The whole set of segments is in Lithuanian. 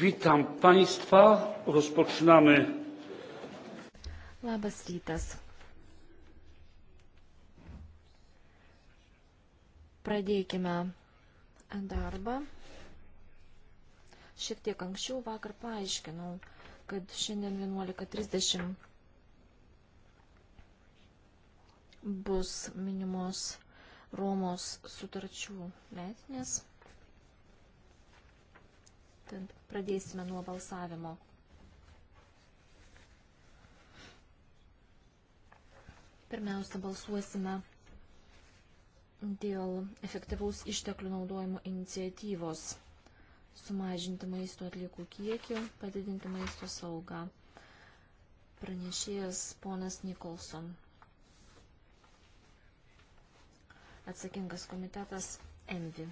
Witam Państwa. Rozpoczynamy. Labas rytas. Pradėkime darbą. Šiek tiek anksčiau vakar paaiškinau, kad šiandien 11.30 bus minimos Romos sutarčių metinės. Tad pradėsime nuo balsavimo. Pirmiausia, balsuosime dėl efektyvaus išteklių naudojimo iniciatyvos sumažinti maisto atliekų kiekį, padidinti maisto saugą. Pranešėjas ponas Nikolson. Atsakingas komitetas Envi.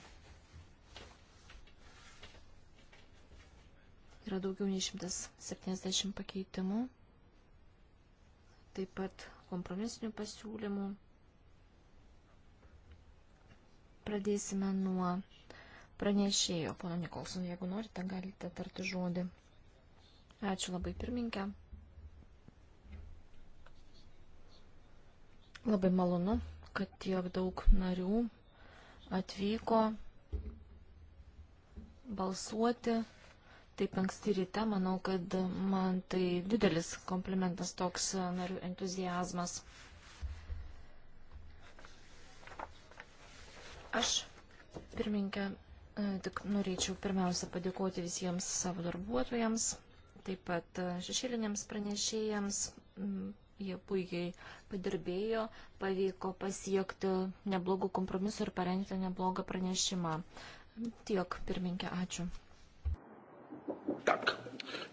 Yra daugiau nei 170 pakeitimų, taip pat kompromisinių pasiūlymų. Pradėsime nuo pranešėjo, pono Nikolson, jeigu norite, galite tarti žodį. Ačiū labai pirminkę. Labai malonu, kad tiek daug narių atvyko balsuoti taip anksti ryte, manau, kad man tai didelis komplimentas toks e, narių entuzijazmas. Aš, pirmininkė, e, tik norėčiau pirmiausia padėkoti visiems savo darbuotojams, taip pat e, šešėliniams pranešėjams. Mm, jie puikiai padirbėjo, pavyko pasiekti neblogų kompromisų ir parengti neblogą pranešimą. Tiek, pirminkė, ačiū. Tak.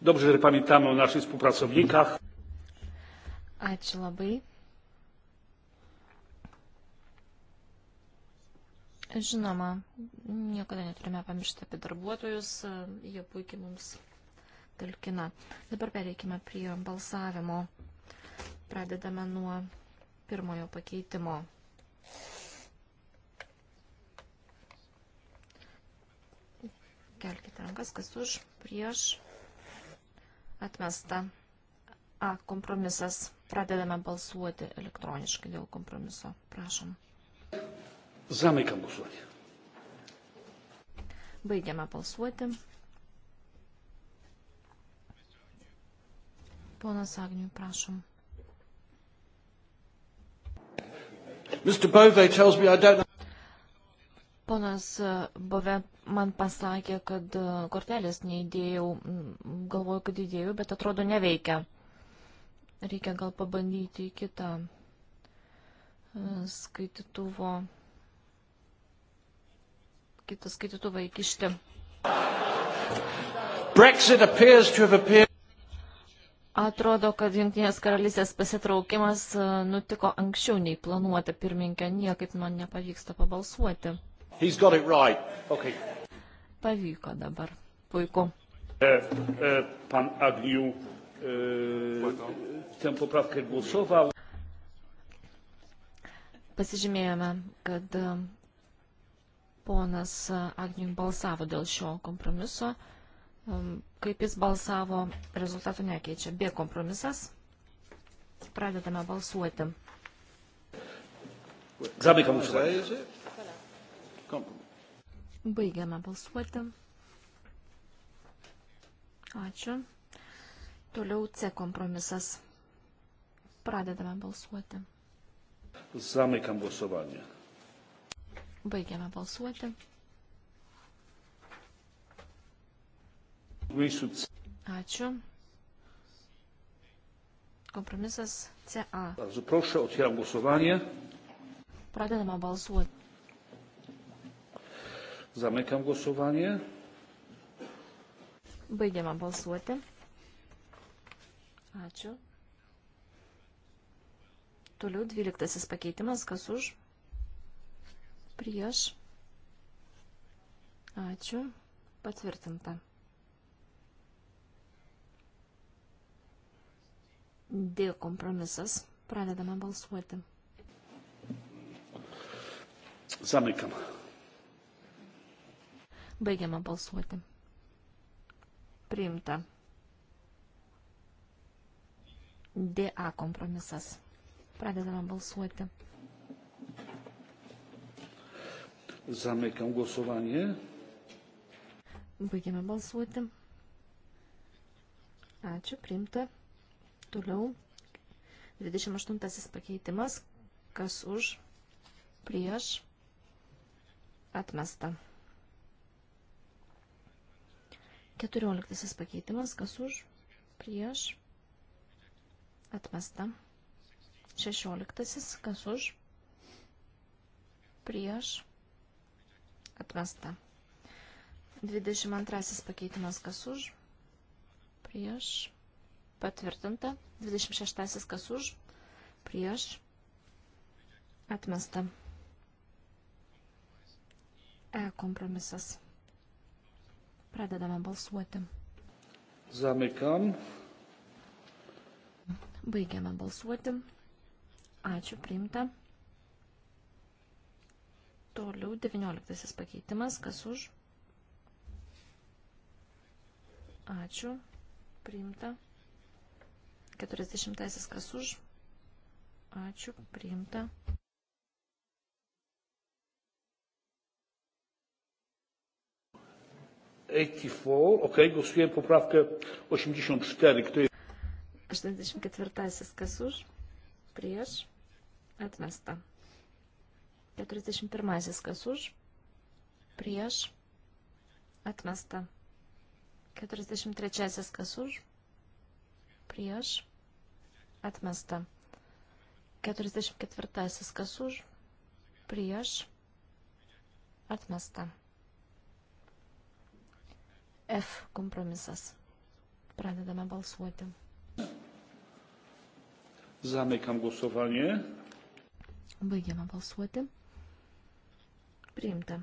Dobrze, że pamiętamy o naszych współpracownikach. Ačiū labai. Žinoma, niekada neturime pamiršti apie darbuotojus, jie puikiai mums talkina. Dabar pereikime prie balsavimo. Pradedame nuo pirmojo pakeitimo. Kelkite rankas, kas už, prieš, atmesta. A, kompromisas. Pradedame balsuoti elektroniškai dėl kompromiso. Prašom. Zamykam balsuoti. Baigiame balsuoti. Ponas Agniui, prašom. Ponas Bove man pasakė, kad e, kortelės neįdėjau, galvoju, kad įdėjau, bet atrodo neveikia. Reikia gal pabandyti į kitą e, skaitytuvo, kitą skaitytuvą įkišti. Brexit appears to have appeared. Atrodo, kad Junktinės karalystės pasitraukimas e, nutiko anksčiau nei planuota pirmininkė, niekaip man nepavyksta pabalsuoti. He's got it right. Okay. Pavyko dabar. Puiku. E, e, pan Agniu e, tę poprawkę głosował. Pasižymėjome, kad ponas Agniu balsavo dėl šio kompromiso. Kaip jis balsavo, rezultatų nekeičia. B kompromisas. Pradedame balsuoti. Zamykam głosowanie. Kompromis. Baigiame balsuoti. Ačiū. Toliau C kompromisas. Pradedame balsuoti. Zamykam balsuovanie. Baigiame balsuoti. Ačiū. Kompromisas CA. Bardzo proszę, otwieram głosowanie. Pradedame balsuoti. Zamykam głosowanie. Baigiame balsuoti. Ačiū. Toliau dvyliktasis pakeitimas, kas už? Prieš. Ačiū. Patvirtinta. D kompromisas. Pradedame balsuoti. Zamykam. Baigiame balsuoti. Priimta. DA kompromisas. Pradedame balsuoti. Zamykam głosowanie. Baigiame balsuoti. Ačiū, priimta. Toliau 28 pakeitimas. Kas už? Prieš? Atmesta. Keturioliktasis pakeitimas, kas už, prieš, atmesta. Šešioliktasis, kas už, prieš, atmesta. Dvidešimt antrasis pakeitimas, kas už, prieš, patvirtinta. Dvidešimt šeštasis, kas už, prieš, atmesta. E kompromisas. Pradedame balsuoti. Zamykam. Baigiame balsuoti. Ačiū, priimta. Toliau 19 pakeitimas. Kas už? Ačiū. Priimta. 40 kas už? Ačiū. Priimta. 84. Ok, głosujemy poprawkę 84. Kto jest... 84. Kas už? Prieš? Atmesta. 41. Kas už? Prieš? Atmesta. 43. Kas už? Prieš? Atmesta. 44. Kas už? Prieš? Atmesta. F kompromisas. Pradedame balsuoti. Zamykam głosowanie. Baigiame balsuoti. Priimta.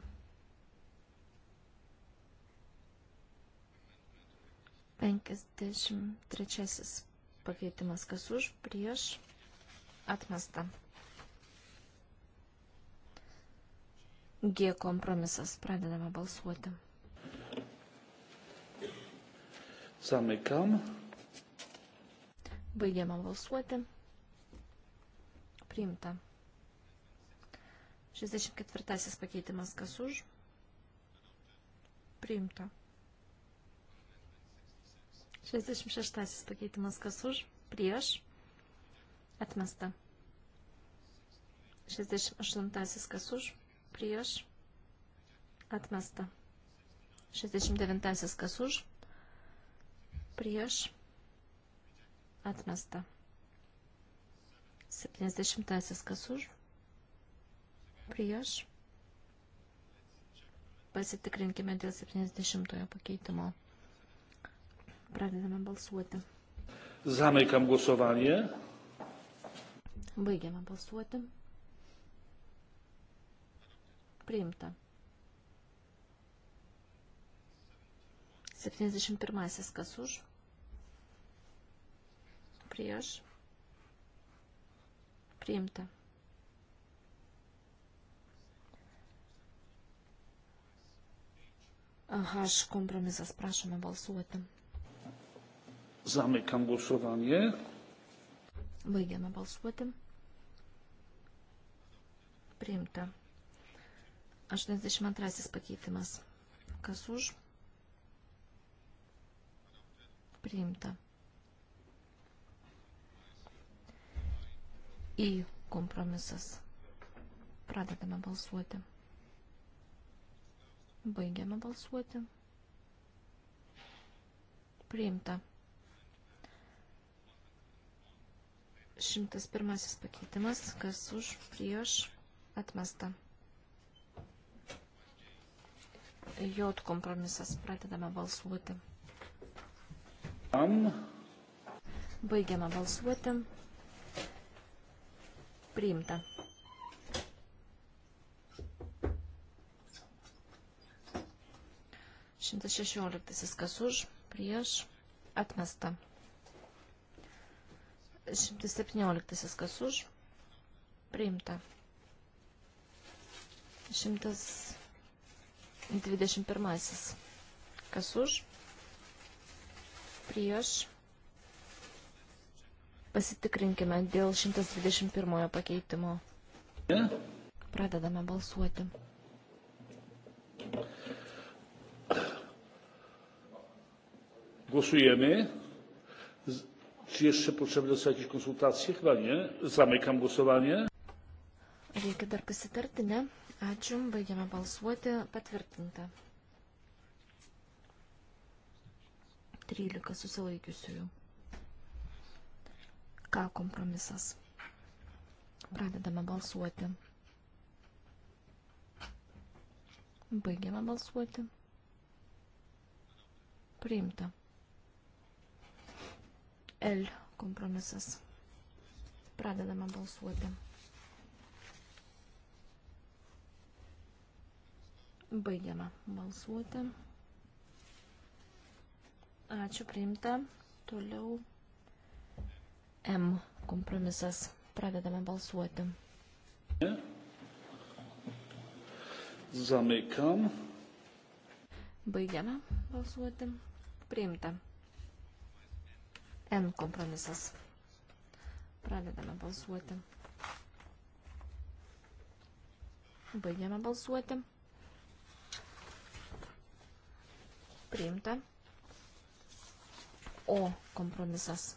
Penkisdešimt trečiasis pakeitimas kas už, prieš, atmesta. G kompromisas. Pradedame balsuoti. Zamykam. Baigiame balsuoti. Priimta. 64 pakeitimas kas už? Priimta. 66 pakeitimas kas už? Prieš. Atmesta. 68 kas už? Prieš. Atmesta. 69 kas už? prieš atmesta. 70 kas už prieš pasitikrinkime dėl 70 pakeitimo. Pradedame balsuoti. Zamykam głosowanie. Baigiame balsuoti. Priimta. 71. Kas už? prieš priimta. H kompromisas, prašome balsuoti. Zamykam głosowanie. Baigiame balsuoti. Priimta. 82 pakeitimas. Kas už? Priimta. į kompromisas. Pradedame balsuoti. Baigiame balsuoti. Priimta. 101 pakeitimas, kas už prieš atmesta. J kompromisas, pradedame balsuoti. Baigiame balsuoti priimta. Šimtas šešioliktasis kas už, prieš, atmesta. Šimtas septynioliktasis kas už, priimta. Šimtas dvidešimt pirmasis kas už, prieš, atmesta Pasitikrinkime dėl 121 pakeitimo. Pradedame balsuoti. Głosujemy. Czy jeszcze potrzebne są jakieś konsultacje? Chyba nie. Zamykam głosowanie. Reikia dar pasitarti, ne? Ačiū, baigiame balsuoti, patvirtinta. 13 susilaikiusiųjų. Ką kompromisas? Pradedame balsuoti. Baigiame balsuoti. Priimta. L kompromisas. Pradedame balsuoti. Baigiame balsuoti. Ačiū priimta. Toliau M kompromisas. Pradedame balsuoti. Zamykam. Baigiame balsuoti. Priimta. N kompromisas. Pradedame balsuoti. Baigiame balsuoti. Priimta. O kompromisas.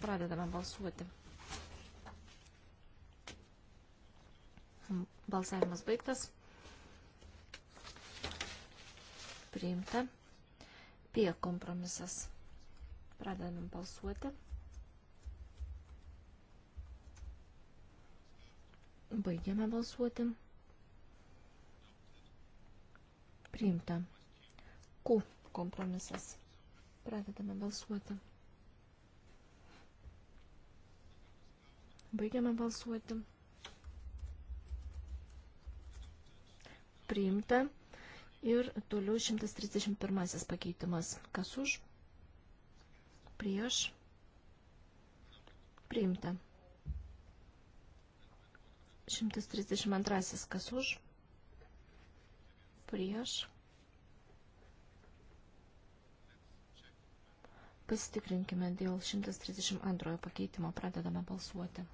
Pradedame balsuoti. Balsavimas baigtas. Priimta. P kompromisas. Pradedame balsuoti. Baigiame balsuoti. Priimta. Q kompromisas. Pradedame balsuoti. Baigiame balsuoti. Priimta. Ir toliau 131 pakeitimas. Kas už? Prieš. Priimta. 132 kas už? Prieš. Pasitikrinkime dėl 132 pakeitimo. Pradedame balsuoti.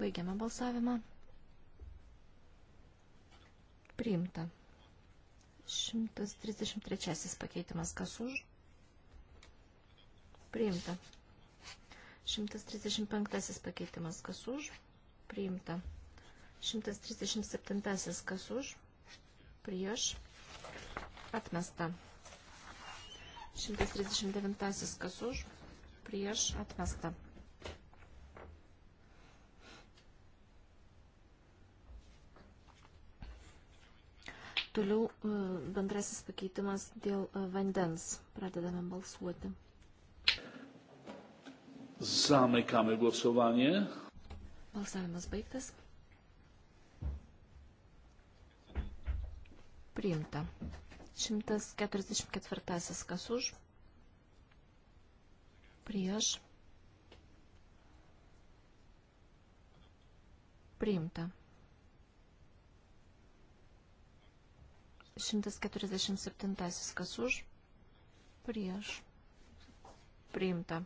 Baigiame balsavimą. Priimta. 133 pakeitimas kas už. Priimta. 135 pakeitimas kas už. Priimta. 137 kas už. Prieš. Atmesta. 139 kas už. Prieš. Atmesta. Toliau e, bendrasis pakeitimas dėl e, vandens. Pradedame balsuoti. Zamykamy głosowanie. Balsavimas baigtas. Priimta. 144 kas už. Prieš. Priimta. 147 kas už, prieš, priimta.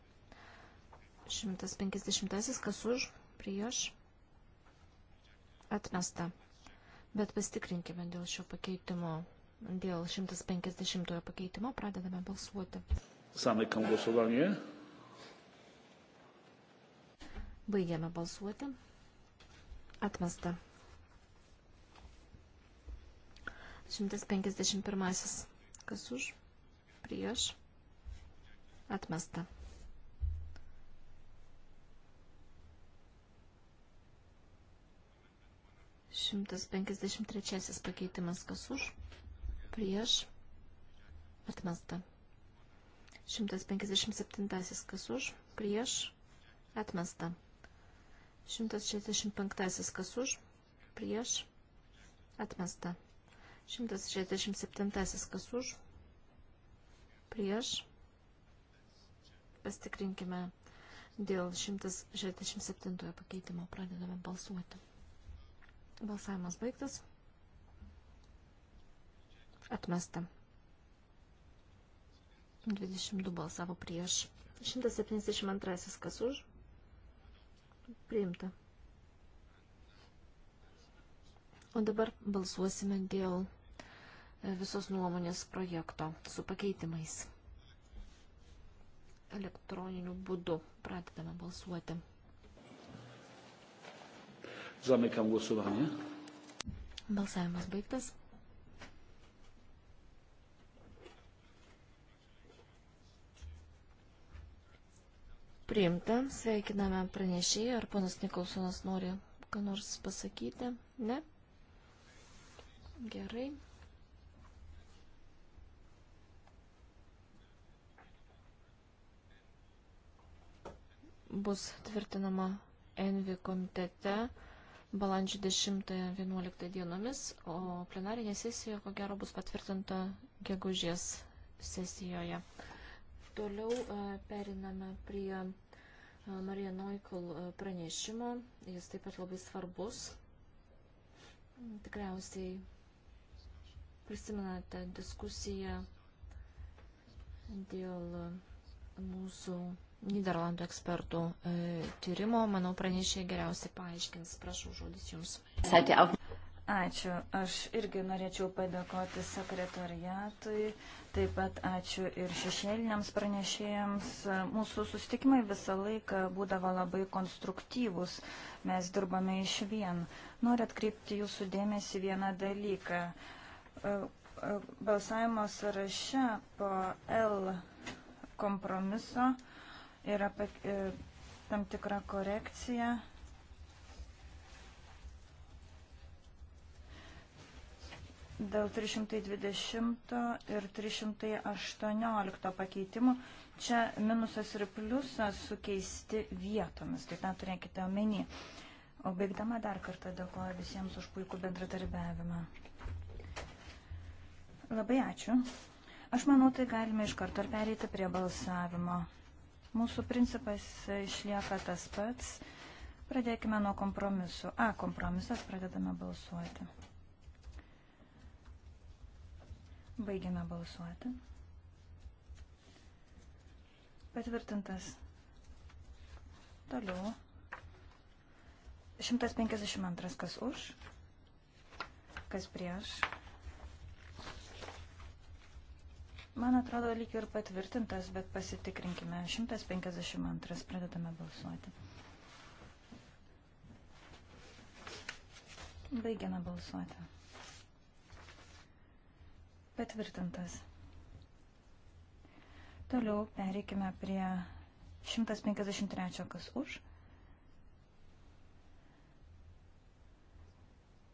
150 kas už, prieš, atmesta. Bet pasitikrinkime dėl šio pakeitimo. Dėl 150 pakeitimo pradedame balsuoti. Zamykam głosowanie. Baigiame balsuoti. Atmesta. 151. Kas už? Prieš. Atmesta. Šimtas penkisdešimt trečiasis pakeitimas kas už, prieš, atmesta. Šimtas penkisdešimt septintasis kas už, prieš, atmesta. Šimtas šešiasdešimt penktasis kas už, prieš, atmesta. 167 kas už, prieš, pastikrinkime dėl 167 pakeitimo, pradedame balsuoti. Balsavimas baigtas, atmesta. 22 balsavo prieš, 172 kas už, priimta. O dabar balsuosime dėl visos nuomonės projekto su pakeitimais. Elektroniniu būdu pradedame balsuoti. Zamykam głosowanie. Balsavimas baigtas. Priimta, sveikiname pranešėjai, ar ponas Nikolsonas nori ką nors pasakyti? Ne? Gerai. bus tvirtinama Envi komitete balandžio 10-11 dienomis, o plenarinė sesija, ko gero, bus patvirtinta gegužės sesijoje. Toliau e, periname prie e, Marija Noikul e, pranešimo. Jis taip pat labai svarbus. Tikriausiai prisimenate diskusiją dėl mūsų Niderlandų ekspertų e, tyrimo, manau, pranešė geriausiai paaiškins. Prašau, žodis jums. Ačiū. Aš irgi norėčiau padėkoti sekretariatui, taip pat ačiū ir šešėliniams pranešėjams. Mūsų sustikimai visą laiką būdavo labai konstruktyvus, mes dirbame iš vien. Noriu atkreipti jūsų dėmesį vieną dalyką. E, e, balsavimo sąraše po L kompromiso yra e, tam tikra korekcija. Dėl 320 ir 318 pakeitimų čia minusas ir pliusas sukeisti vietomis, tai tą turėkite omeny. O baigdama dar kartą dėkoju visiems už puikų bendradarbiavimą. Labai ačiū. Aš manau, tai galime iš karto pereiti prie balsavimo. Mūsų principas išlieka tas pats. Pradėkime nuo kompromisų. A, kompromisas, pradedame balsuoti. Baigiame balsuoti. Patvirtintas. Toliau. 152 kas už, kas prieš Man atrodo, lyg ir patvirtintas, bet pasitikrinkime. 152 pradedame balsuoti. Baigiame balsuoti. Patvirtintas. Toliau pereikime prie 153, kas už,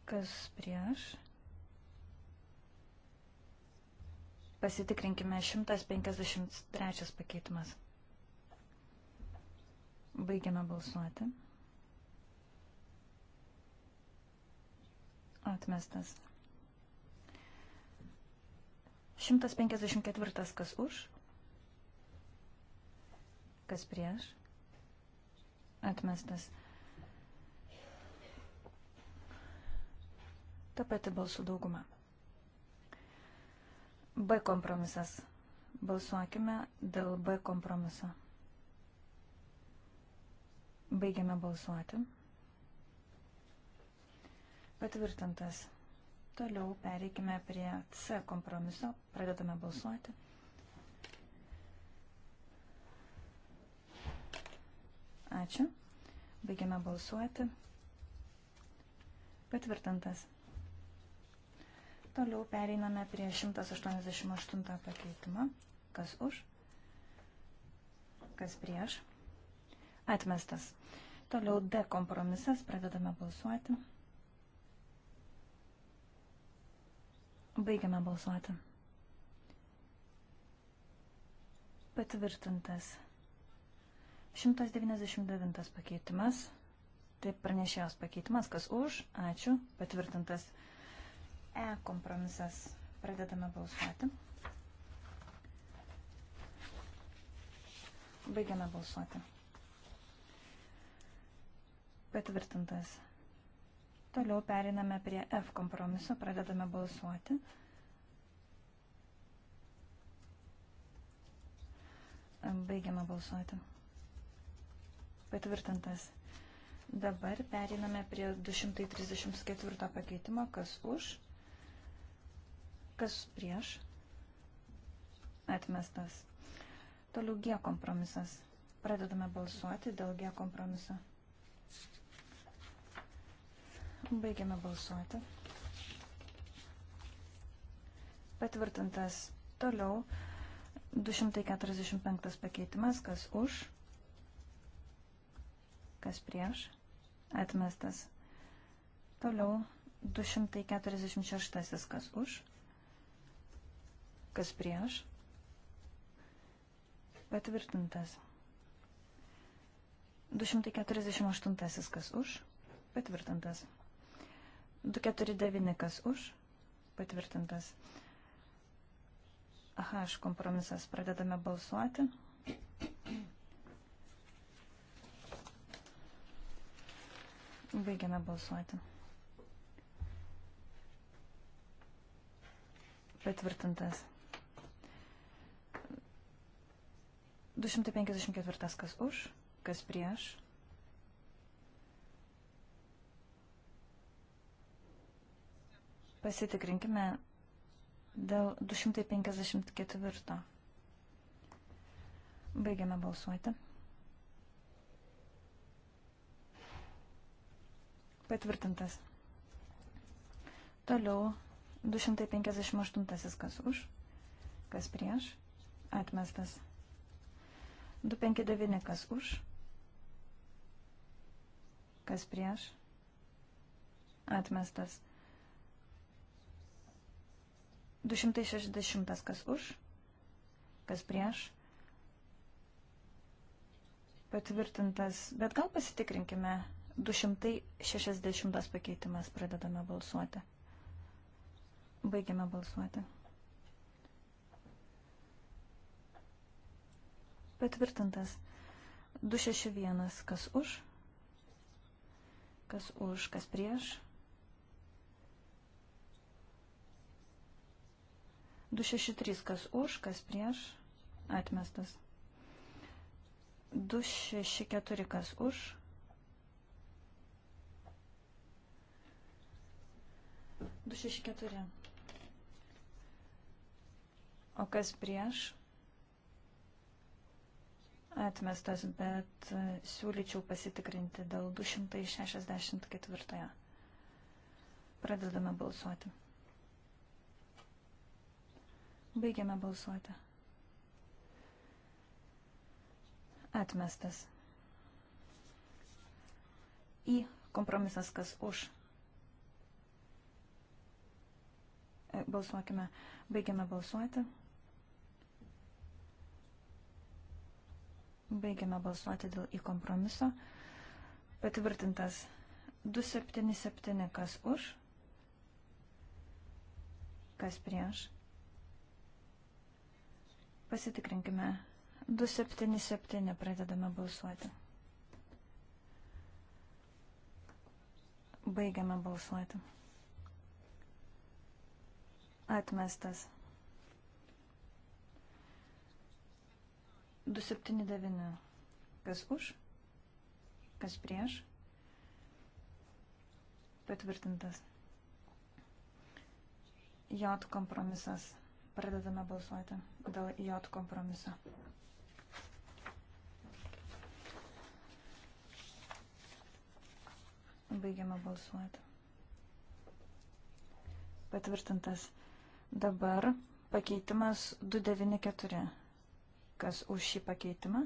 kas prieš Pasitikrinkime 153 pakeitimas. Baigiame balsuoti. Atmestas. 154 kas už, kas prieš. Atmestas. Ta pati balsų dauguma. B kompromisas. Balsuokime dėl B kompromiso. Baigiame balsuoti. Patvirtintas. Toliau pereikime prie C kompromiso. Pradedame balsuoti. Ačiū. Baigiame balsuoti. Patvirtintas. Toliau pereiname prie 188 pakeitimą. Kas už? Kas prieš? Atmestas. Toliau D kompromisas. Pradedame balsuoti. Baigiame balsuoti. Patvirtintas. 199 pakeitimas. Tai pranešėjos pakeitimas. Kas už? Ačiū. Patvirtintas. 199. E kompromisas. Pradedame balsuoti. Baigiame balsuoti. Patvirtintas. Toliau periname prie F kompromiso, pradedame balsuoti. Baigiame balsuoti. Patvirtintas. Dabar periname prie 234 pakeitimo, kas už, Kas prieš? Atmestas. Toliau G kompromisas. Pradedame balsuoti dėl G kompromiso. Baigiame balsuoti. Patvirtintas toliau 245 pakeitimas, kas už, kas prieš, atmestas. Toliau 246, kas už, Kas prieš? Patvirtintas. 248 kas už? Patvirtintas. 249 kas už? Patvirtintas. Aha, aš kompromisas. Pradedame balsuoti. Baigiame balsuoti. Patvirtintas. 254 kas už, kas prieš. Pasitikrinkime dėl 254. Baigiame balsuoti. Patvirtintas. Toliau 258 kas už, kas prieš, atmestas. 259 kas už, kas prieš, atmestas. 260 kas už, kas prieš, patvirtintas, bet gal pasitikrinkime, 260 pakeitimas pradedame balsuoti. Baigiame balsuoti. Patvirtintas. 261. Kas už? Kas už? Kas prieš? 263. Kas už? Kas prieš? Atmestas. 264. Kas už? Du šeši keturi. O kas prieš? atmestas, bet e, siūlyčiau pasitikrinti dėl 264. Pradedame balsuoti. Baigiame balsuoti. Atmestas. Į kompromisas, kas už. E, balsuokime. Baigiame balsuoti. Baigiame balsuoti dėl į kompromiso. Patvirtintas 277 kas už, kas prieš. Pasitikrinkime 277 pradedame balsuoti. Baigiame balsuoti. Atmestas 279. Kas už? Kas prieš? Patvirtintas. J kompromisas. Pradedame balsuoti dėl J kompromiso. Baigiame balsuoti. Patvirtintas. Dabar pakeitimas 294. Kas už šį pakeitimą?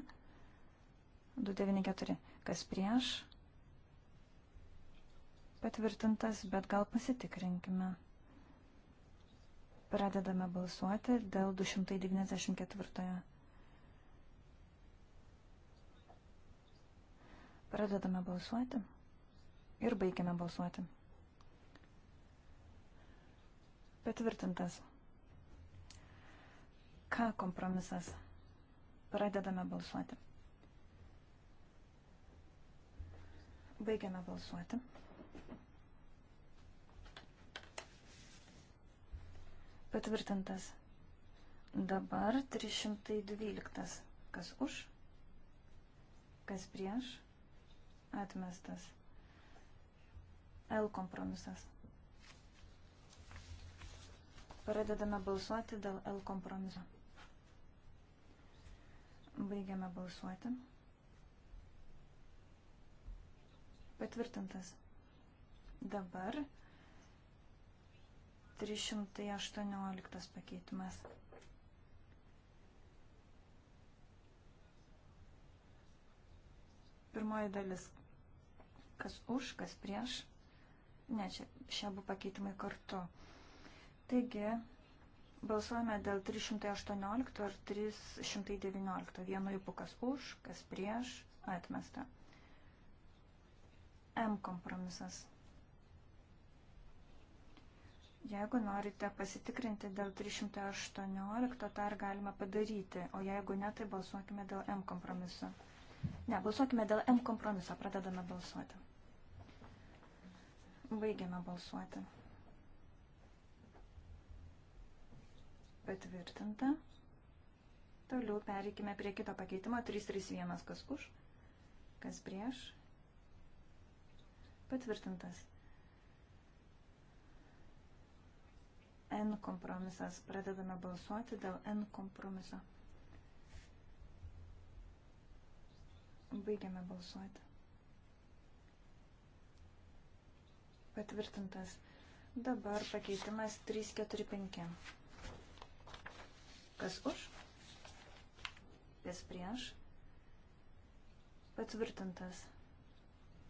294. Kas prieš? Patvirtintas, bet gal pasitikrinkime. Pradedame balsuoti dėl 294. Pradedame balsuoti ir baigiame balsuoti. Patvirtintas. Ką kompromisas? Pradedame balsuoti. Baigiame balsuoti. Patvirtintas. Dabar 312. Kas už? Kas prieš? Atmestas. L kompromisas. Pradedame balsuoti dėl L kompromiso. Baigiame balsuoti. Patvirtintas. Dabar 318 pakeitimas. Pirmoji dalis. Kas už, kas prieš. Ne, čia šie abu pakeitimai kartu. Taigi, Balsuojame dėl 318 ir 319. Vienu jupu kas už, kas prieš, atmesta. M kompromisas. Jeigu norite pasitikrinti dėl 318, tą ir galima padaryti, o jeigu ne, tai balsuokime dėl M kompromiso. Ne, balsuokime dėl M kompromiso, pradedame balsuoti. Baigiame balsuoti. patvirtinta. Toliau pereikime prie kito pakeitimo. 331 kas už, kas prieš. Patvirtintas. N kompromisas. Pradedame balsuoti dėl N kompromiso. Baigiame balsuoti. Patvirtintas. Dabar pakeitimas 345. Kas už? Kas prieš? Patvirtintas.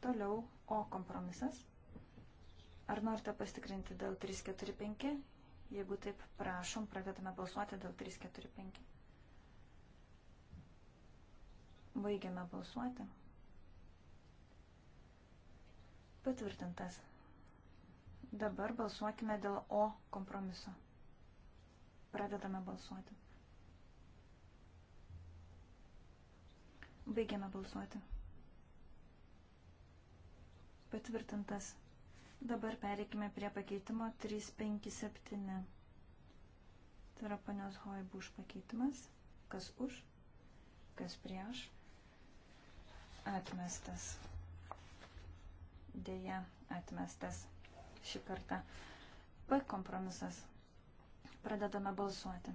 Toliau O kompromisas. Ar norite pastikrinti dėl 345? Jeigu taip, prašom, pradedame balsuoti dėl 345. Baigiame balsuoti. Patvirtintas. Dabar balsuokime dėl O kompromiso. Pradedame balsuoti. Baigiame balsuoti. Patvirtintas. Dabar pereikime prie pakeitimo 357. Tai yra panios Hoibuš pakeitimas. Kas už, kas prieš. Atmestas. Deja, atmestas šį kartą. P kompromisas. Pradedame balsuoti.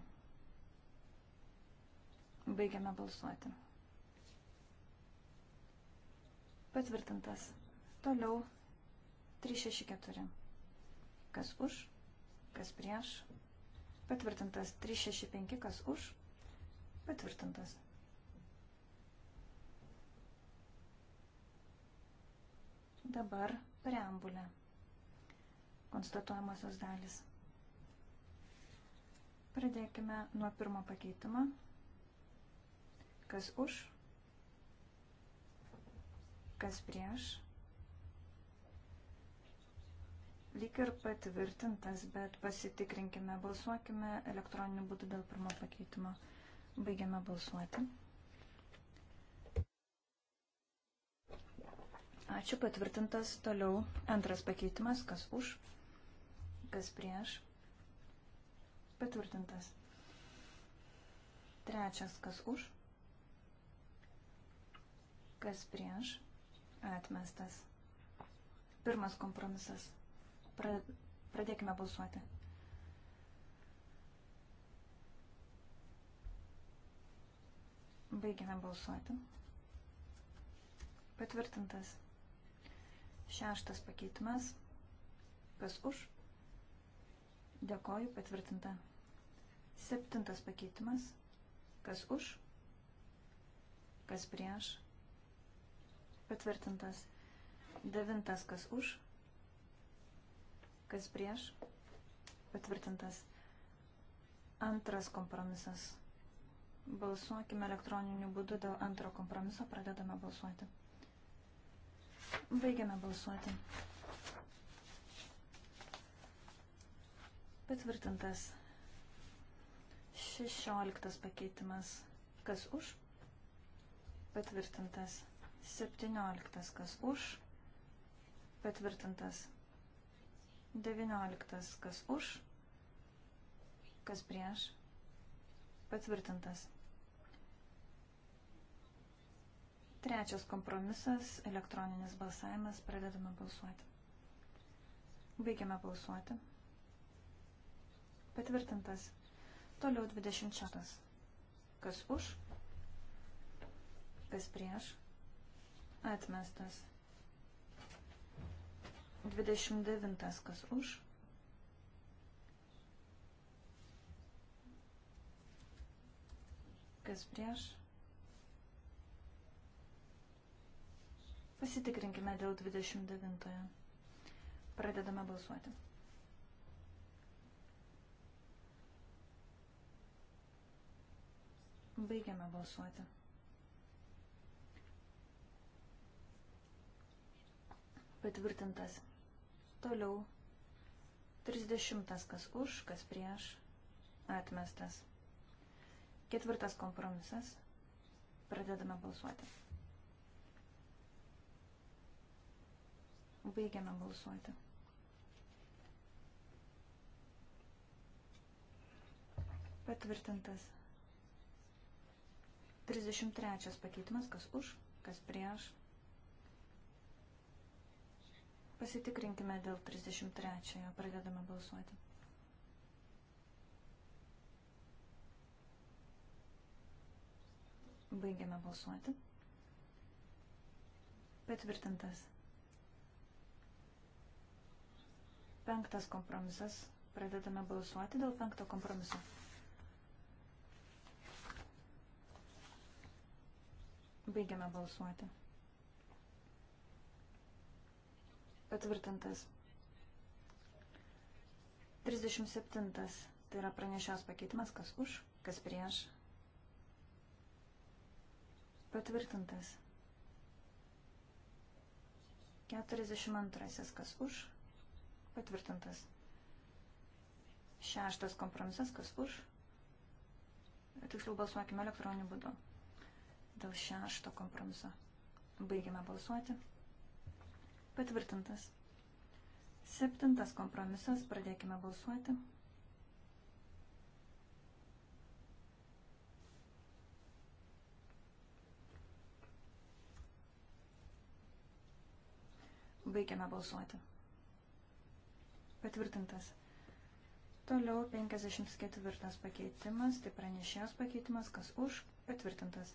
Baigiame balsuoti. Patvirtintas. Toliau 364. Kas už, kas prieš. Patvirtintas 365, kas už. Patvirtintas. Dabar preambulė. Konstatuojamosios dalis. Pradėkime nuo pirmo pakeitimo. Kas už, kas prieš. Lyg ir patvirtintas, bet pasitikrinkime, balsuokime elektroniniu būdu dėl pirmo pakeitimo. Baigiame balsuoti. Ačiū, patvirtintas toliau antras pakeitimas, kas už, kas prieš. Patvirtintas. Trečias, kas už, kas prieš Atmestas. Pirmas kompromisas. Pra, pradėkime balsuoti. Baigiame balsuoti. Patvirtintas. Šeštas pakeitimas. Kas už? Dėkoju, patvirtinta. Septintas pakeitimas. Kas už? Kas prieš? Patvirtintas. Devintas kas už, kas prieš. Patvirtintas. Antras kompromisas. Balsuokime elektroniniu būdu dėl antro kompromiso. Pradedame balsuoti. Baigiame balsuoti. Patvirtintas. Šešioliktas pakeitimas. Kas už? Patvirtintas. 17 kas už, patvirtintas. 19 kas už, kas prieš, patvirtintas. Trečias kompromisas – elektroninis balsavimas. Pradedame balsuoti. Baigiame balsuoti. Patvirtintas. Toliau 26. Kas už? Kas prieš? Atmestas. 29. Kas už? Kas prieš? Pasitikrinkime dėl 29. Pradedame balsuoti. Baigiame balsuoti. Patvirtintas. Toliau. 30. Kas už, kas prieš. Atmestas. Ketvirtas kompromisas. Pradedame balsuoti. Baigiame balsuoti. Patvirtintas. 33 pakeitimas, kas už, kas prieš, Pasitikrinkime dėl 33-ojo, pradedame balsuoti. Baigiame balsuoti. Patvirtintas. Penktas kompromisas. Pradedame balsuoti dėl penkto kompromiso. Baigiame balsuoti. Patvirtintas. 37. Tai yra pranešios pakeitimas, kas už, kas prieš. Patvirtintas. 42. Kas už, patvirtintas. Šeštas kompromisas, kas už. Tiksliau balsuokime elektroniniu būdu. Dėl šešto kompromiso. Baigime balsuoti. Patvirtintas. Septintas kompromisas. Pradėkime balsuoti. Baigiame balsuoti. Patvirtintas. Toliau 54 pakeitimas, tai pranešėjos pakeitimas, kas už, patvirtintas.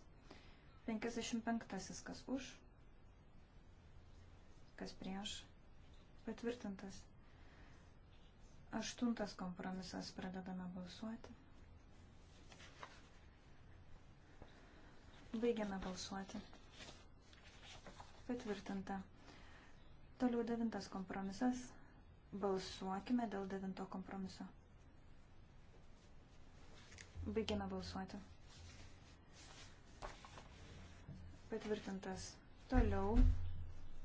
55 kas už, kas prieš, patvirtintas. Aštuntas kompromisas pradedame balsuoti. Baigiame balsuoti. Patvirtinta. Toliau devintas kompromisas. Balsuokime dėl devinto kompromiso. Baigiame balsuoti. Patvirtintas. Toliau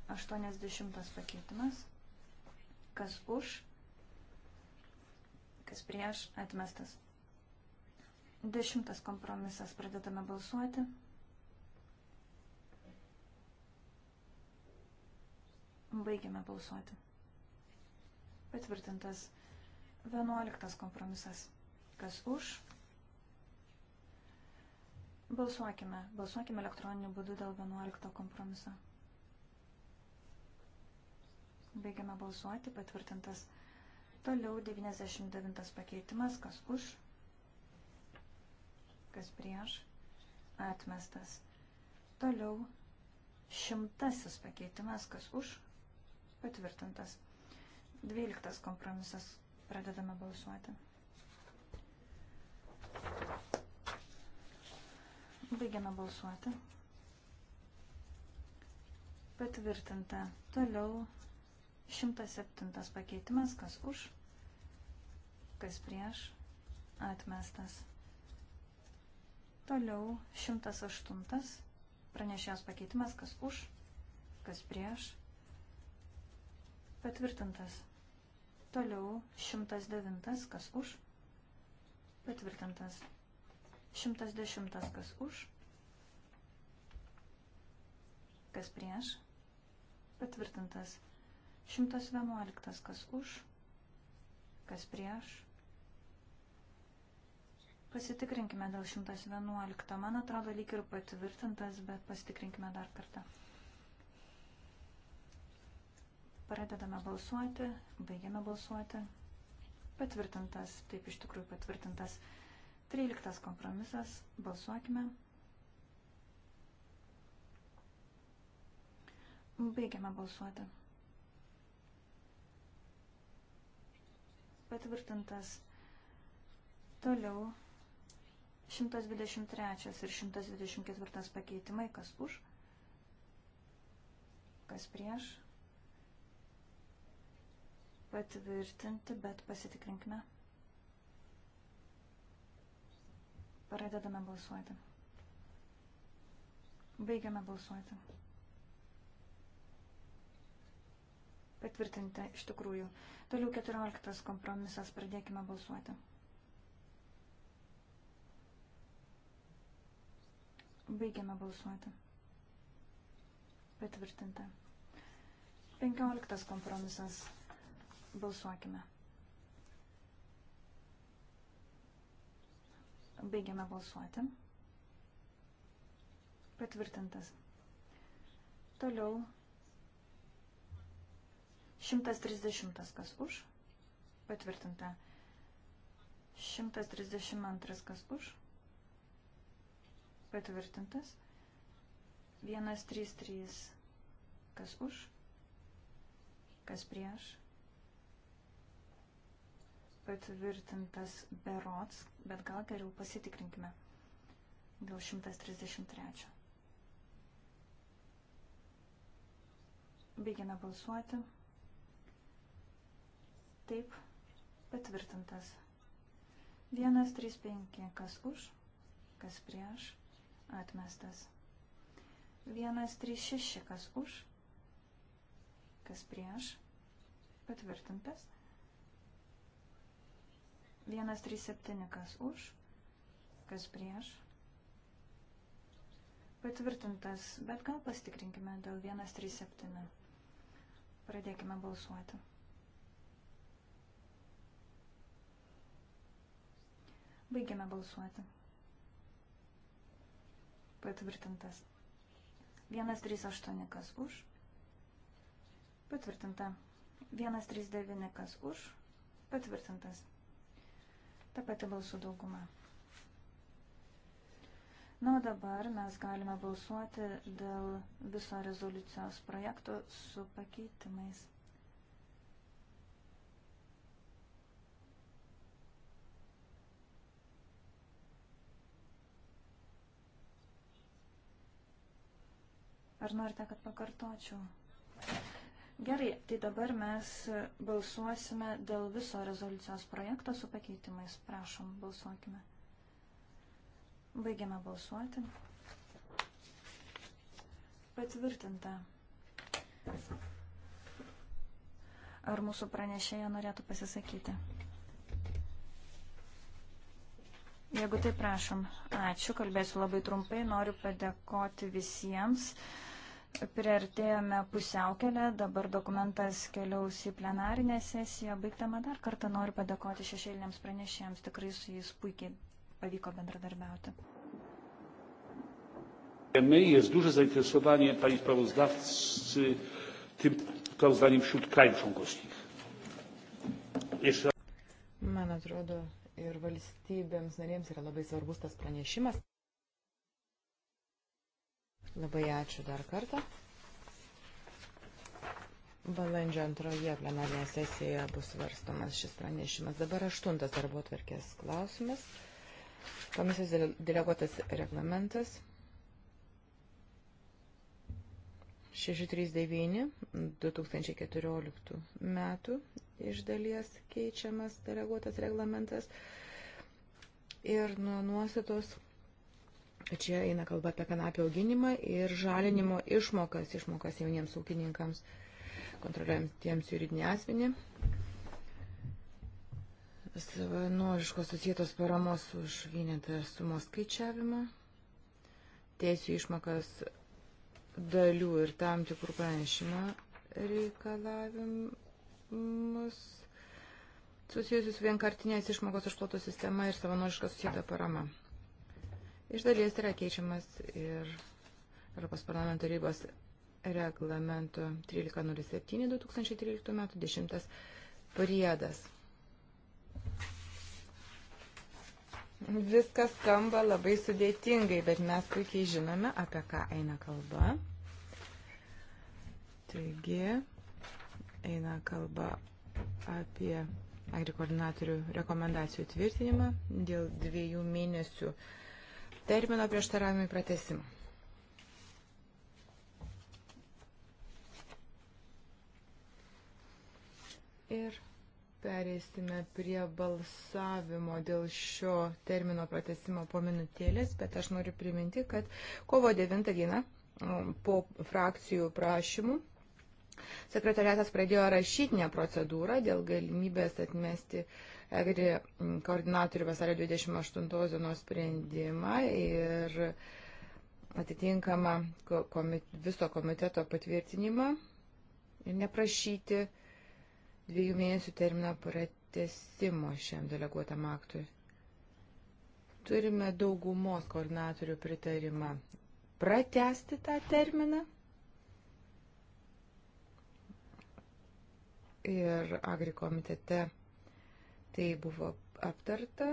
80 pakeitimas. Kas už, kas prieš, atmestas. Dešimtas kompromisas pradedame balsuoti. Baigiame balsuoti. Patvirtintas 11 kompromisas. Kas už? Balsuokime. Balsuokime elektroniniu būdu dėl 11 kompromiso. Baigiame balsuoti, patvirtintas. Toliau 99 pakeitimas, kas už, kas prieš, atmestas. Toliau šimtasis pakeitimas, kas už, patvirtintas. Dvyliktas kompromisas, pradedame balsuoti. Baigiame balsuoti. Patvirtinta. Toliau 107 pakeitimas, kas už, kas prieš, atmestas. Toliau 108 pranešėjos pakeitimas, kas už, kas prieš, patvirtintas. Toliau 109 kas už, patvirtintas. 110 kas už, kas prieš, patvirtintas. 111. Kas už, kas prieš. Pasitikrinkime dėl 111. Man atrodo, lyg ir patvirtintas, bet pasitikrinkime dar kartą. Pradedame balsuoti, baigiame balsuoti. Patvirtintas, taip iš tikrųjų patvirtintas. 13 kompromisas, balsuokime. Baigiame balsuoti. patvirtintas. Toliau 123 ir 124 pakeitimai, kas už, kas prieš, patvirtinti, bet pasitikrinkime. Pradedame balsuoti. Baigiame balsuoti. Patvirtinti, iš tikrųjų. Toliau 14 kompromisas, pradėkime balsuoti. Baigiame balsuoti. Patvirtinta. 15 kompromisas. Balsuokime. Baigiame balsuoti. Patvirtintas. Toliau 130 kas už, patvirtinta. 132 kas už, patvirtintas. 133 kas už, kas prieš, patvirtintas berots, bet gal geriau pasitikrinkime dėl 133. Baigiame balsuoti. Taip, patvirtintas. 135, kas už, kas prieš, atmestas. 136, kas už, kas prieš, patvirtintas. 137, kas už, kas prieš, patvirtintas, bet gal pastikrinkime dėl 137. Pradėkime balsuoti. Baigiame balsuoti. Patvirtintas. 138 kas už. Patvirtinta. 139 kas už. Patvirtintas. Ta pati balsų dauguma. Na, o dabar mes galime balsuoti dėl viso rezoliucijos projekto su pakeitimais. Ar norite, kad pakartočiau? Gerai, tai dabar mes balsuosime dėl viso rezoliucijos projekto su pakeitimais. Prašom, balsuokime. Baigiame balsuoti. Patvirtinta. Ar mūsų pranešėja norėtų pasisakyti? Jeigu tai prašom, ačiū, kalbėsiu labai trumpai, noriu padėkoti visiems. Uh, Priartėjome pusiaukelę, dabar dokumentas keliaus į plenarinę sesiją. Baigtama dar kartą noriu padėkoti šešėliniams pranešėjams, tikrai su jais puikiai pavyko bendradarbiauti. Jest duże zainteresowanie pani sprawozdawcy tym sprawozdaniem wśród krajów członkowskich. Man atrodo, ir valstybėms narėms yra labai svarbus tas pranešimas. Labai ačiū dar kartą. Balandžio antroje plenarinėje sesijoje bus svarstomas šis pranešimas. Dabar aštuntas darbo tvarkės klausimas. Komisijos deleguotas reglamentas 639 2014 metų iš dalies keičiamas deleguotas reglamentas ir nuo nuostatos kad čia eina kalba apie kanapio auginimą ir žalinimo išmokas, išmokas jauniems ūkininkams kontroliuojantiems juridinį asmenį. Savanoriškos susijėtos paramos už vienetą sumos skaičiavimą, teisų išmokas dalių ir tam tikrų pranešimą reikalavimus susijusius vienkartinės išmokos už plotų sistemą ir savanorišką susijėtą paramą. Iš dalies yra keičiamas ir Europos parlamento tarybos reglamento 1307-2013 metų 10 priedas. Viskas skamba labai sudėtingai, bet mes puikiai žinome, apie ką eina kalba. Taigi, eina kalba apie agrikoordinatorių rekomendacijų tvirtinimą dėl dviejų mėnesių uh, termino prieštaravimui pratesimą. Ir pereisime prie balsavimo dėl šio termino pratesimo po minutėlės, bet aš noriu priminti, kad kovo 9 dieną po frakcijų prašymų sekretariatas pradėjo rašytinę procedūrą dėl galimybės atmesti uh, EGRI koordinatorių vasario 28 dienos sprendimą ir atitinkamą komit, viso komiteto patvirtinimą ir neprašyti dviejų mėnesių termino pratesimo šiam deleguotam aktui. Turime daugumos koordinatorių pritarimą pratesti tą terminą. Ir agrikomitete Tai buvo aptarta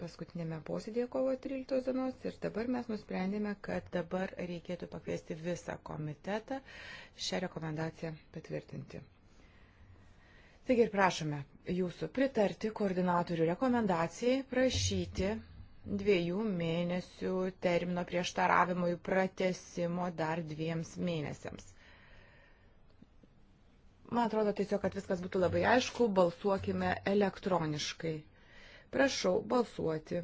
paskutinėme posėdėje kovo 13 dienos ir dabar mes nusprendėme, kad dabar reikėtų pakviesti visą komitetą šią rekomendaciją patvirtinti. Taigi ir prašome jūsų pritarti koordinatorių rekomendacijai prašyti dviejų mėnesių termino prieštaravimui pratesimo dar dviems mėnesiams. Man atrodo tiesiog, kad viskas būtų labai aišku, balsuokime elektroniškai. Prašau balsuoti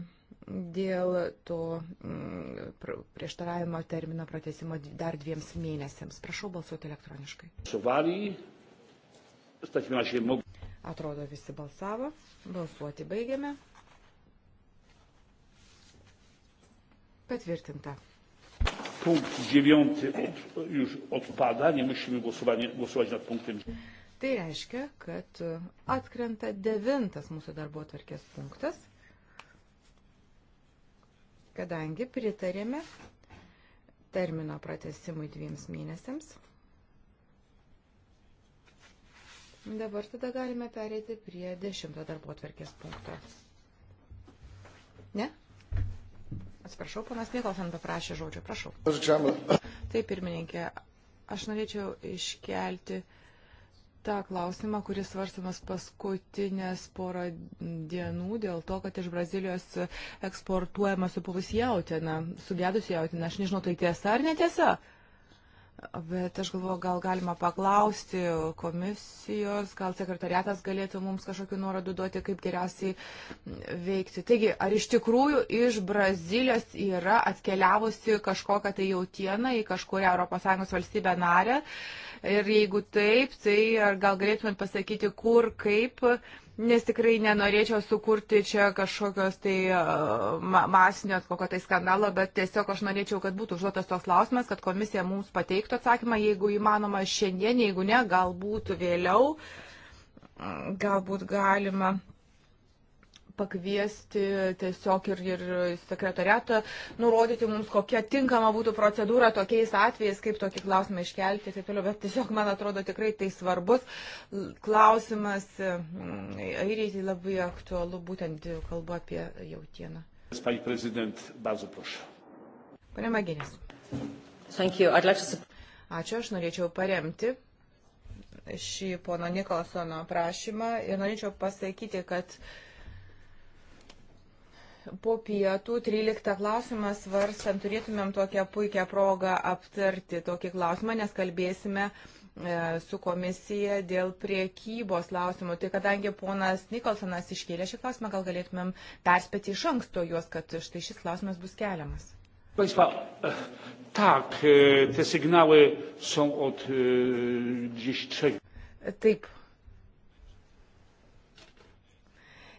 dėl to mm, prieštaravimo termino pratesimo dar dviems mėnesiams. Prašau balsuoti elektroniškai. Atrodo, visi balsavo. Balsuoti baigiame. Patvirtinta punkt dziewiąty od, już odpada, nie musimy głosować nad punktem. Tai reiškia, kad atkrenta devintas mūsų darbo atvarkės punktas, kadangi pritarėme termino pratesimui dviems mėnesiams. Dabar tada galime pereiti prie dešimto darbo atvarkės punkto. Ne? Atsiprašau, panas Nikolson paprašė žodžio, prašau. Taip, pirmininkė, aš norėčiau iškelti tą klausimą, kuris svarstamas paskutinės porą dienų dėl to, kad iš Brazilijos eksportuojama supuvus jautina, sugedus jautina. Aš nežinau, tai tiesa ar netiesa. Bet aš galvoju, gal galima paklausti komisijos, gal sekretariatas galėtų mums kažkokiu nuorodu duoti, kaip geriausiai veikti. Taigi, ar iš tikrųjų iš Brazilijos yra atkeliavusi kažkokia tai jautiena į kažkurią ES valstybę narę? Ir jeigu taip, tai gal galėtumėt pasakyti, kur, kaip. Uh, nes tikrai nenorėčiau sukurti čia kažkokios tai masinio kokio tai skandalo, bet tiesiog aš norėčiau, kad būtų užduotas toks klausimas, kad komisija mums pateiktų atsakymą, jeigu įmanoma šiandien, jeigu ne, galbūt vėliau, galbūt galima pakviesti tiesiog ir, ir sekretariatą, nurodyti mums, kokia tinkama būtų procedūra tokiais atvejais, kaip tokį klausimą iškelti ir taip toliau. Bet tiesiog, man atrodo, tikrai tai svarbus klausimas. Airijai tai labai aktualu, būtent kalbu apie jautieną. Pani prezident, bardzo proszę. Pane Maginis. Ačiū, aš norėčiau paremti šį pono Nikolsono prašymą ir norėčiau pasakyti, kad uh, po pietų 13 klausimą svarstam, turėtumėm tokią puikią progą aptarti tokį klausimą, nes kalbėsime e, su komisija dėl priekybos klausimų. Tai kadangi ponas Nikolsonas iškėlė šį klausimą, gal galėtumėm perspėti iš anksto juos, kad štai šis klausimas bus keliamas. Państwa, e, tak, e, te sygnały są od gdzieś trzech. Taip,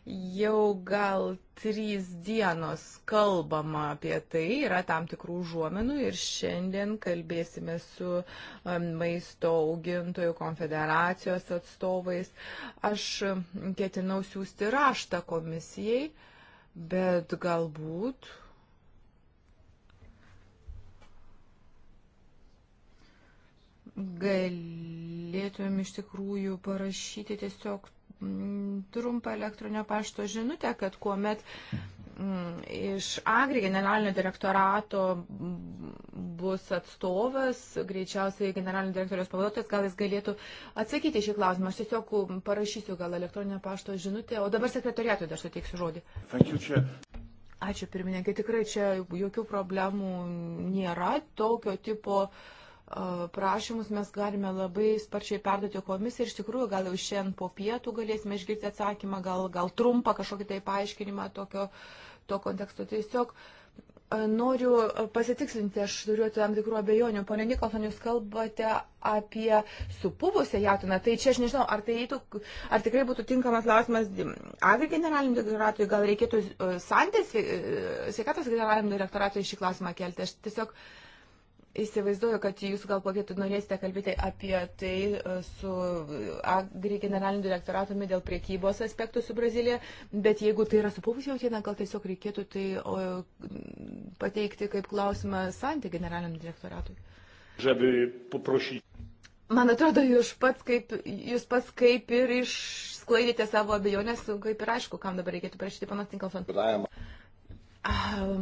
Jau gal trys dienos kalbama apie tai, yra tam tikrų žuomenų ir šiandien kalbėsime su um, maisto augintojų konfederacijos atstovais. Aš ketinau siūsti raštą komisijai, bet galbūt galėtumėm iš tikrųjų parašyti tiesiog Mm, trumpą elektroninio pašto žinutę, kad kuomet mm, iš Agri generalinio direktorato bus atstovas, greičiausiai generalinio direktorijos pavaduotojas, gal jis galėtų atsakyti šį klausimą. Aš tiesiog parašysiu gal elektroninę pašto žinutę, o dabar sekretoriatui dar suteiksiu žodį. Ačiū pirmininkai, tikrai čia jokių problemų nėra tokio tipo uh, prašymus mes galime labai sparčiai perduoti komisiją ir iš tikrųjų gal jau šiandien po pietų galėsime išgirti atsakymą, gal, gal trumpą kažkokį tai paaiškinimą tokio, to konteksto. Tiesiog noriu pasitikslinti, aš turiu tam tikrų abejonių. Pone Nikolson, jūs kalbate apie supuvusią jautiną, tai čia aš nežinau, ar, tai eitų, ar tikrai būtų tinkamas klausimas agri generaliniam direktoratui, gal reikėtų santės sveikatos generaliniam direktoratui šį klausimą kelti. Aš tiesiog uh, Įsivaizduoju, kad jūs gal pakėtų norėsite kalbėti apie tai e, su Agri generaliniu direktoratumi dėl priekybos aspektų su Brazilija, bet jeigu tai yra supuvusi jautiena, gal tiesiog reikėtų tai o, pateikti kaip klausimą santį generaliniam direktoratui. Man atrodo, jūs pats, kaip, jūs pats kaip ir išsklaidėte savo abejonės, kaip ir aišku, kam dabar reikėtų prašyti panas Tinkalson. Ah,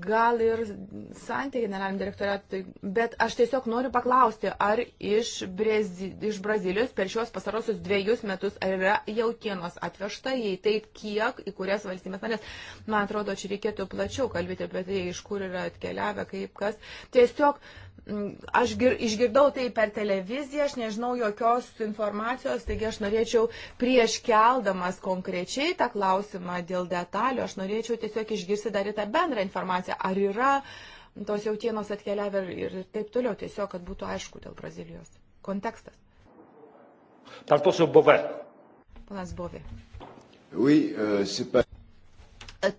gal ir santykiai generaliniam direktoriatui, bet aš tiesiog noriu paklausti, ar iš, Brezi, iš Brazilijos per šios pasarosius dviejus metus yra jautienos atvežta, jei taip, kiek, į kurias valstybės narės. Man atrodo, čia reikėtų plačiau kalbėti apie tai, iš kur yra atkeliavę, kaip kas. Tiesiog uh, Mm, aš gir, išgirdau tai per televiziją, aš nežinau jokios informacijos, taigi aš norėčiau prieš keldamas konkrečiai tą klausimą dėl detalių, aš norėčiau tiesiog išgirsti dar į tą bendrą informaciją, ar yra tos jautienos atkeliavę ir, ir taip toliau, tiesiog, kad būtų aišku dėl Brazilijos. Kontekstas. Pan poseł Bove. Ponas Bove. Oui, euh, c'est pas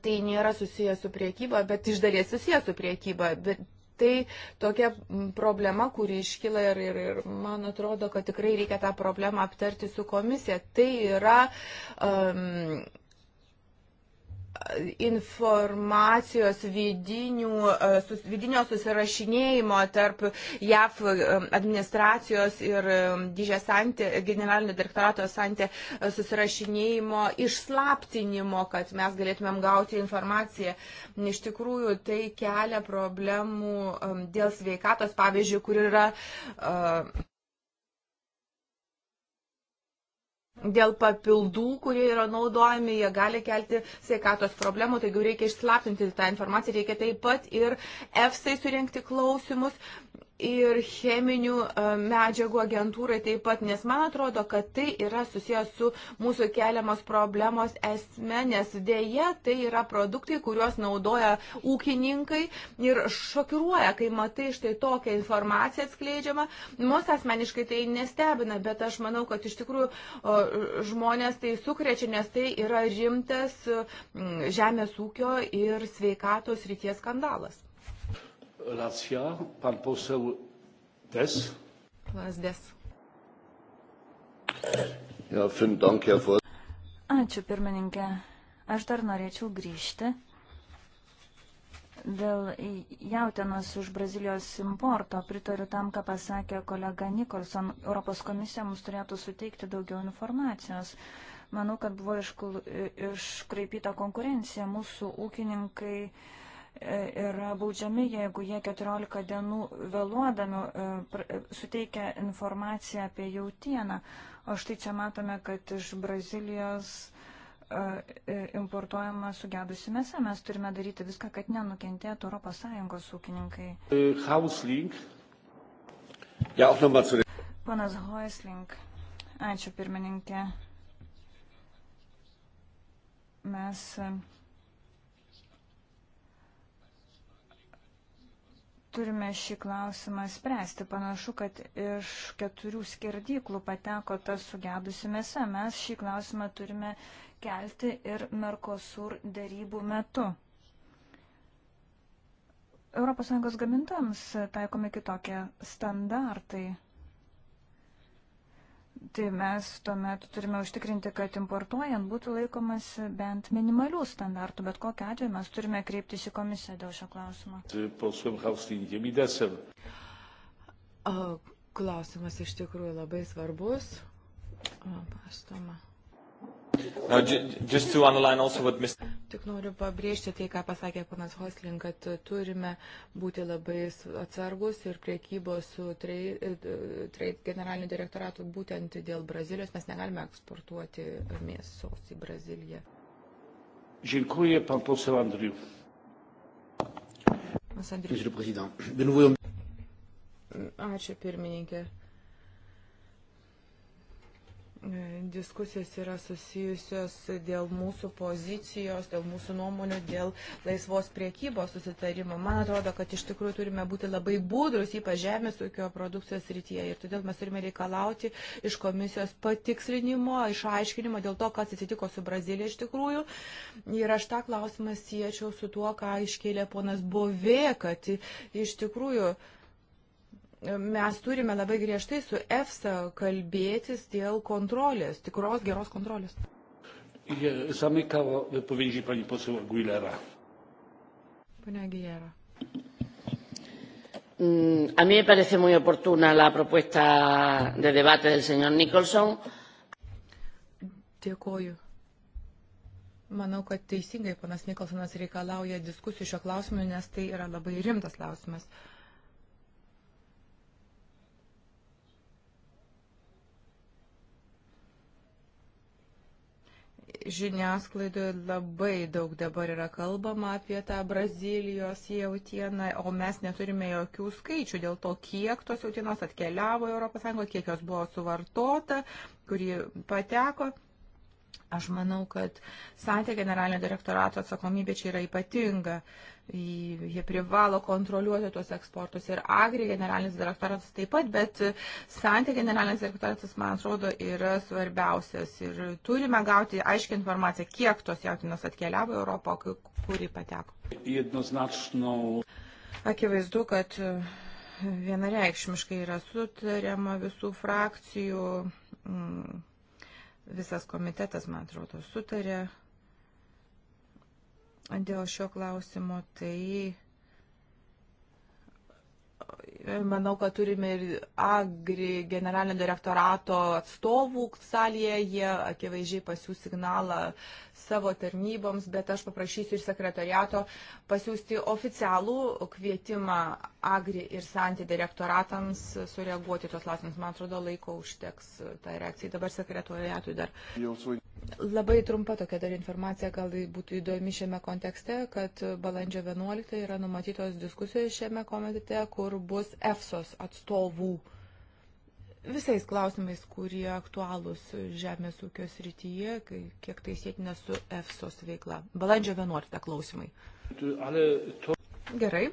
tai nėra susijęs su priekyba, bet iš dalies susijęs su priekyba, bet tai tokia problema, kuri iškyla ir, ir, ir man atrodo, kad tikrai reikia tą problemą aptarti su komisija. Tai yra um, informacijos vidinių, e, vidinio susirašinėjimo tarp JAF e, administracijos ir e, didžią santį, generalinio direktorato santį susirašinėjimo išslaptinimo, kad mes galėtumėm gauti informaciją. Iš tikrųjų, tai kelia problemų dėl sveikatos, pavyzdžiui, kur yra. Uh, Dėl papildų, kurie yra naudojami, jie gali kelti sveikatos problemų, taigi reikia išslaptinti tą informaciją, reikia taip pat ir EFSAI surinkti klausimus, ir cheminių e, medžiagų agentūrai taip pat, nes man atrodo, kad tai yra susijęs su mūsų keliamos problemos esme, nes dėje tai yra produktai, kuriuos naudoja ūkininkai ir šokiruoja, kai matai štai tokią informaciją atskleidžiamą. Mūsų asmeniškai tai nestebina, bet aš manau, kad iš tikrųjų o, žmonės tai sukrečia, nes tai yra rimtas žemės ūkio ir sveikatos ryties skandalas. Racja. Pan poseł Des. Panas Des. Ja, dank, ja, for... Ačiū pirmininkė. Aš dar norėčiau grįžti dėl jautienos iš Brazilijos importo. Pritariu tam, ką pasakė kolega Nikolson. Europos komisija mums turėtų suteikti daugiau informacijos. Manau, kad buvo iškraipyta konkurencija. Mūsų ūkininkai uh, yra baudžiami, jeigu jie 14 dienų vėluodami e, suteikia informaciją apie jautieną. O štai čia matome, kad iš Brazilijos e, e, importuojama sugedusi mėsa. Mes turime daryti viską, kad nenukentėtų ES ūkininkai. Panas Hoisling. Ačiū pirmininkė. Mes turime šį klausimą spręsti. Panašu, kad iš keturių skerdyklų pateko ta sugedusi mėsa. Mes šį klausimą turime kelti ir Merkosur darybų metu. ES gamintams taikomi kitokie standartai tai mes tuomet turime užtikrinti, kad importuojant būtų laikomas bent minimalių standartų, bet kokiu atveju mes turime kreiptis į komisiją dėl šio klausimo. Klausimas iš tikrųjų labai svarbus. Pastoma. Now, just to underline also what Mr. Tik noriu pabrėžti tai, ką pasakė panas Hoslin, kad turime būti labai atsargus ir priekybos su trade generaliniu direktoratu būtent dėl Brazilijos mes negalime eksportuoti mėsos į Braziliją. Dziękuję, pan poseł Andriu. Andriu. Ačiū pirmininkė diskusijos yra susijusios dėl mūsų pozicijos, dėl mūsų nuomonių, dėl laisvos priekybos susitarimo. Man atrodo, kad iš tikrųjų turime būti labai būdrus, ypač žemės ūkio produkcijos rytyje. Ir todėl mes turime reikalauti iš komisijos patikslinimo, išaiškinimo dėl to, kas atsitiko su Brazilija iš tikrųjų. Ir aš tą klausimą siečiau su tuo, ką iškėlė ponas Bovė, kad iš tikrųjų mes turime labai griežtai su EFSA kalbėtis dėl kontrolės, tikros geros kontrolės. Zamykavo wypowiedzi pani poseł Aguilera. Pani Aguilera. Mm, a mí me parece muy oportuna la propuesta de debate del señor Nicholson. Dėkoju. Manau, kad teisingai panas Nikolsonas reikalauja diskusijų šio klausimu, nes tai yra labai rimtas klausimas. Uh, žiniasklaidoje labai daug dabar yra kalbama apie tą Brazilijos jautieną, o mes neturime jokių skaičių dėl to, kiek tos jautienos atkeliavo į ES, kiek jos buvo suvartota, kuri pateko. Aš manau, kad Santė generalinio direktorato atsakomybė čia yra ypatinga. Jie privalo kontroliuoti tuos eksportus ir Agri generalinis direktoratas taip pat, bet Santė generalinis direktoratas, man atrodo, yra svarbiausias. Ir turime gauti aiškį informaciją, kiek tos jautinos atkeliavo į Europą, kur jį pateko. Jednoznačno. Akivaizdu, kad vienareikšmiškai yra sutariama visų frakcijų. Mm, visas komitetas, man atrodo, sutarė dėl šio klausimo, tai Manau, kad turime ir Agri generalinio direktorato atstovų salėje, jie akivaizdžiai pasiūs signalą savo tarnyboms, bet aš paprašysiu ir sekretariato pasiūsti oficialų kvietimą Agri ir Santi direktoratams sureaguoti tuos klausimus. Man atrodo, laiko užteks tą tai reakciją. Dabar sekretariatui dar. Jūsų. Labai trumpa tokia dar informacija gal būtų įdomi šiame kontekste, kad balandžio 11 yra numatytos diskusijos šiame komitete, kur bus EFSOS atstovų visais klausimais, kurie aktualūs žemės ūkio srityje, kiek tai sėtina su EFSOS veikla. Balandžio 11 klausimai. Gerai,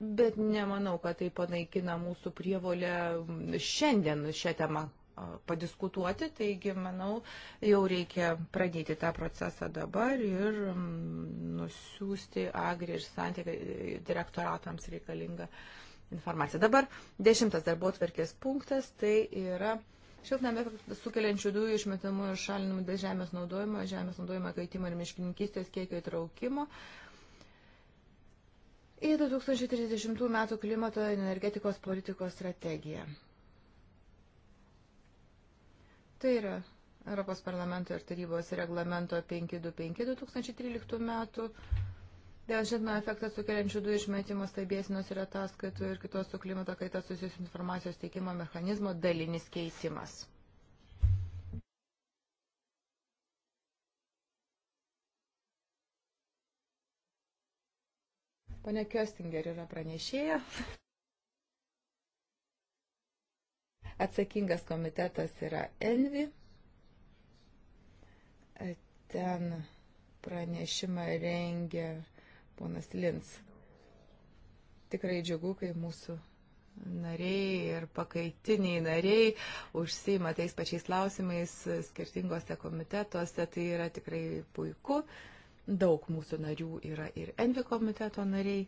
bet nemanau, kad tai panaikina mūsų prievolę šiandien šią temą padiskutuoti, taigi, manau, jau reikia pradėti tą procesą dabar ir nusiųsti agri ir santykai direktoratams reikalingą informaciją. Dabar dešimtas darbo atverkės punktas, tai yra Šiltnamio sukeliančių dujų išmetamų ir šalinimų dėl žemės naudojimo, žemės naudojimo kaitimą ir miškininkystės kiekio įtraukimo. Uh, į 2030 m. klimato ir energetikos politikos strategiją. Tai yra Europos parlamento ir tarybos reglamento 525-2013 metų dėl žinoma efektą sukeliančių dujų išmetimo stebėsinos ir ataskaitų ir kitos su klimato kaita susijusios informacijos teikimo mechanizmo dalinis keisimas. Pane Köstinger yra pranešėja. Atsakingas komitetas yra Envi. Ten pranešimą rengia ponas Lins. Tikrai džiugu, kai mūsų nariai ir pakaitiniai nariai užsima tais pačiais klausimais skirtingose komitetuose. Tai yra tikrai puiku. Uh, Daug mūsų narių yra ir Envi komiteto nariai.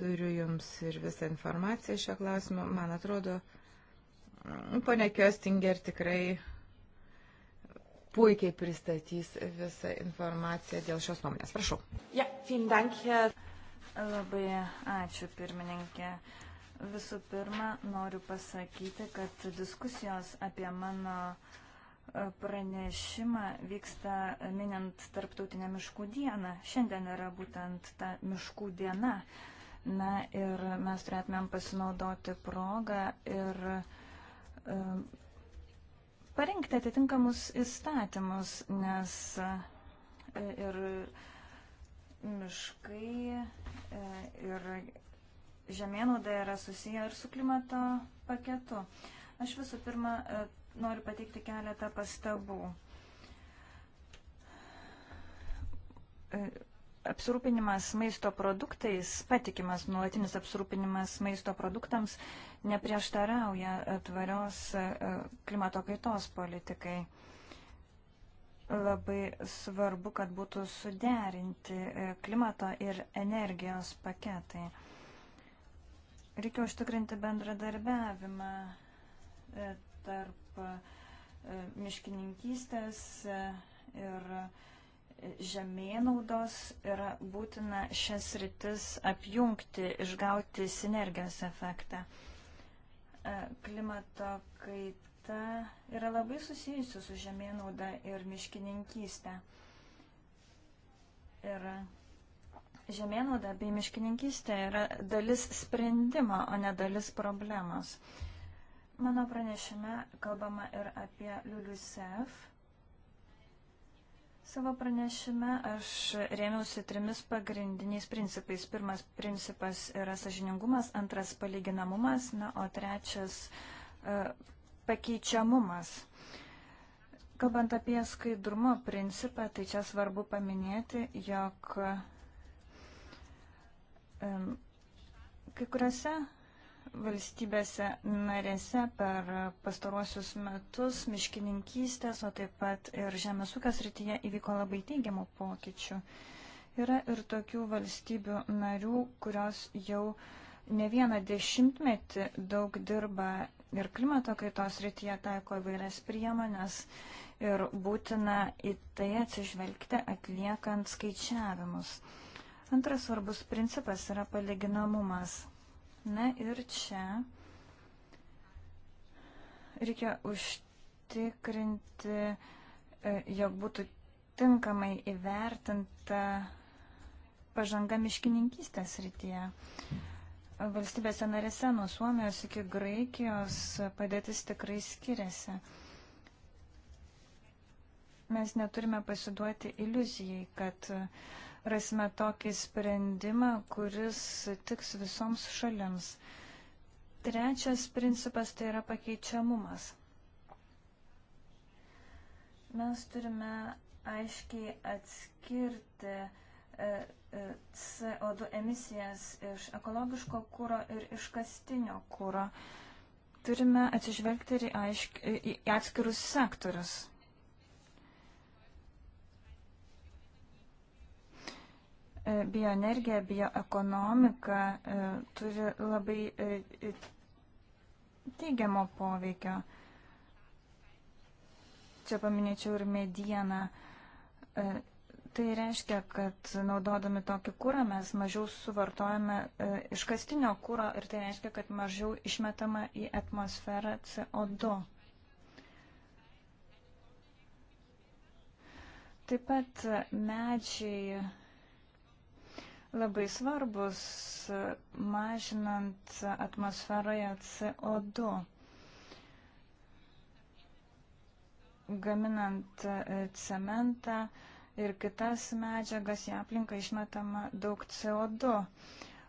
Turiu jums ir visą informaciją šio klausimo. Man atrodo, ponia Kjostinger tikrai puikiai pristatys visą informaciją dėl šios nuomonės. Prašau. Ja, dank, Labai ačiū, pirmininkė. Visų pirma, noriu pasakyti, kad diskusijos apie mano uh, pranešimą vyksta minint Tarptautinę miškų dieną. Šiandien yra būtent ta miškų diena. Na ir mes turėtumėm pasinaudoti progą ir e, parinkti atitinkamus įstatymus, nes e, ir miškai e, ir žemėnauda yra susiję ir su klimato paketu. Aš visų pirma e, noriu pateikti keletą pastabų. E, apsirūpinimas maisto produktais, patikimas nuolatinis apsirūpinimas maisto produktams neprieštarauja e, tvarios e, klimato kaitos politikai. Labai svarbu, kad būtų suderinti klimato ir energijos paketai. Reikia užtikrinti bendradarbiavimą tarp e, miškininkystės e, ir žemėnaudos yra būtina šias rytis apjungti, išgauti sinergijos efektą. E, klimato kaita yra labai susijusi su žemėnauda ir miškininkystė. Ir žemėnauda bei miškininkystė yra dalis sprendimo, o ne dalis problemos. Uh, Mano pranešime kalbama ir apie LULUSEF. Savo pranešime aš rėmiausi trimis pagrindiniais principais. Pirmas principas yra sažiningumas, antras palyginamumas, na, o trečias e, pakeičiamumas. Kalbant apie skaidrumo principą, tai čia svarbu paminėti, jog kai kuriuose valstybėse narėse per pastaruosius metus miškininkystės, o taip pat ir žemės ūkės rytyje įvyko labai teigiamų pokyčių. Yra ir tokių valstybių narių, kurios jau ne vieną dešimtmetį daug dirba ir klimato kaitos rytyje taiko įvairias priemonės ir būtina į tai atsižvelgti atliekant skaičiavimus. Antras svarbus principas yra palyginamumas. Na ir čia reikia užtikrinti, e, jog būtų tinkamai įvertinta pažanga miškininkystės rytyje. Valstybėse narėse nuo Suomijos iki Graikijos padėtis tikrai skiriasi. Mes neturime pasiduoti iliuzijai, kad uh, rasime tokį sprendimą, kuris tiks visoms šalims. Trečias principas tai yra pakeičiamumas. Mes turime aiškiai atskirti e, e, CO2 emisijas iš ekologiško kūro ir iškastinio kūro. Turime atsižvelgti ir į atskirus sektorius. E, bioenergija, bioekonomika e, turi labai e, teigiamo poveikio. Čia paminėčiau ir medieną. Tai reiškia, kad naudodami tokį kūrą mes mažiau suvartojame iškastinio kūro ir tai reiškia, kad mažiau išmetama į atmosferą CO2. Taip pat medžiai labai svarbus mažinant atmosferoje CO2. Gaminant e, cementą ir kitas medžiagas į aplinką išmetama daug CO2.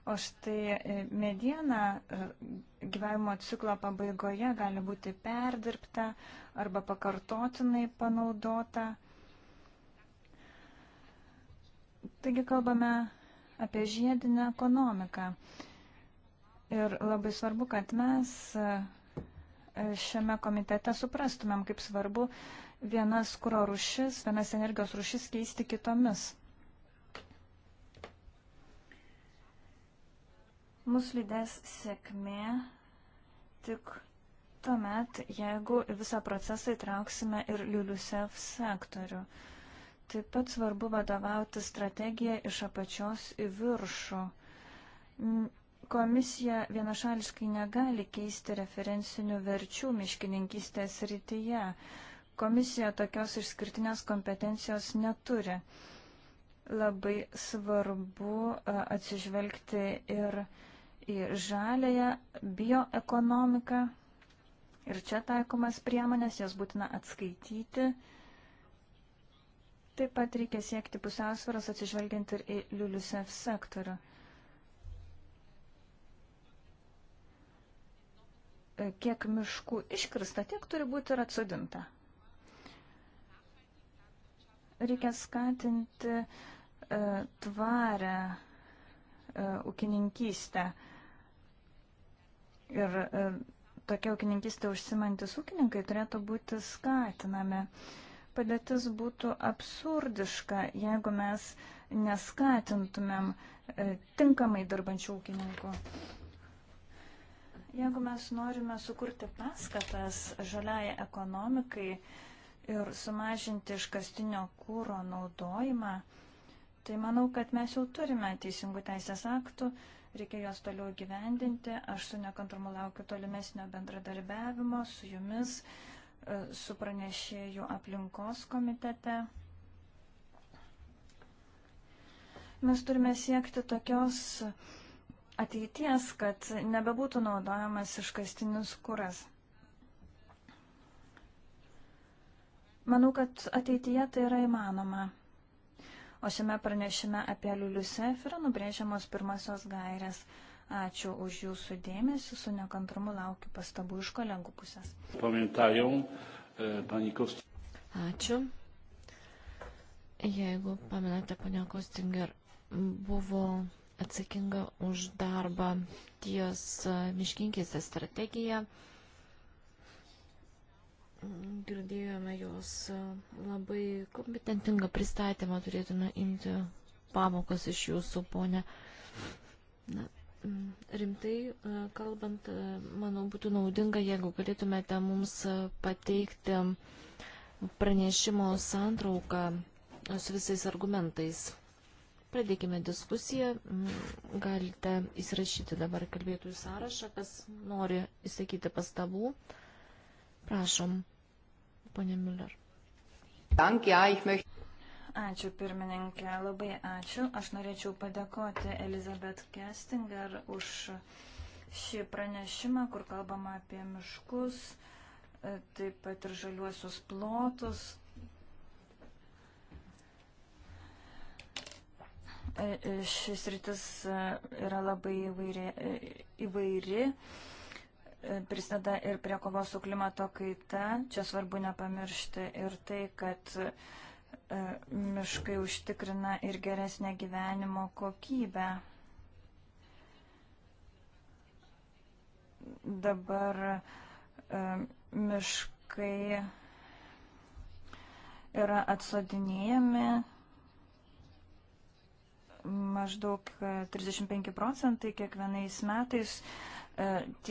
O štai e, mediena e, gyvavimo ciklo pabaigoje gali būti perdirbta arba pakartotinai panaudota. Taigi kalbame apie žiedinę ekonomiką. Ir labai svarbu, kad mes e, šiame komitete suprastumėm, kaip svarbu vienas kuro rušis, vienas energijos rušis keisti kitomis. Mus lydės sėkmė tik tuomet, jeigu visą procesą įtrauksime ir LULUSEF sektorių. Uh, Taip pat svarbu vadovauti strategiją iš apačios į viršų. Komisija vienašališkai negali keisti referencinių verčių miškininkystės rytyje. Komisija tokios išskirtinės kompetencijos neturi. Labai svarbu atsižvelgti ir į žalėją bioekonomiką. Ir čia taikomas priemonės, jas būtina atskaityti. Taip pat reikia siekti pusiausvaros atsižvelgiant ir į LULUSEF sektorių. Kiek miškų iškrista, tiek turi būti ir atsodinta. Reikia skatinti e, tvarę e, ūkininkystę. Ir e, tokia ūkininkystė užsimantis ūkininkai turėtų būti skatinami. E, Padėtis būtų absurdiška, jeigu mes neskatintumėm e, tinkamai dirbančių ūkininkų. Jeigu mes norime sukurti paskatas žaliai ekonomikai ir sumažinti iškastinio kūro naudojimą, tai manau, kad mes jau turime teisingų teisės aktų, reikia juos toliau gyvendinti. Aš su nekantrumu laukiu tolimesnio bendradarbiavimo su jumis. Uh, E, su pranešėjų aplinkos komitete. Mes turime siekti tokios ateities, kad nebebūtų naudojamas iškastinis kuras. Manau, kad ateityje tai yra įmanoma. O šiame pranešime apie Liuliusef yra nubrėžiamos pirmasios gairės. Ačiū už jūsų dėmesį, su nekantrumu laukiu pastabų iš kolegų pusės. Pamintajom, e, panikos. Ačiū. Jeigu pamenate, ponia Kostinger buvo atsakinga už darbą ties e, miškinkėse strategiją. Girdėjome jos e, labai kompetentingą pristatymą, turėtume imti pamokas iš jūsų, ponė. Na, Mm, rimtai e, kalbant, e, manau, būtų naudinga, jeigu galėtumėte mums e, pateikti pranešimo santrauką su visais argumentais. Pradėkime diskusiją. Mm, galite įsirašyti dabar kalbėtojų sąrašą, kas nori įsakyti pastabų. Prašom, ponė Miller. Dank, ja, ich möchte. Ačiū pirmininkė, labai ačiū. Aš norėčiau padėkoti Elizabet Kestinger už šį pranešimą, kur kalbama apie miškus, e, taip pat ir žaliuosius plotus. E, e, Šis rytis yra labai įvairi. įvairi prisideda ir prie kovos su klimato kaita. Čia svarbu nepamiršti ir tai, kad E, miškai užtikrina ir geresnę gyvenimo kokybę. Dabar e, miškai yra atsodinėjami maždaug 35 e, procentai kiekvienais metais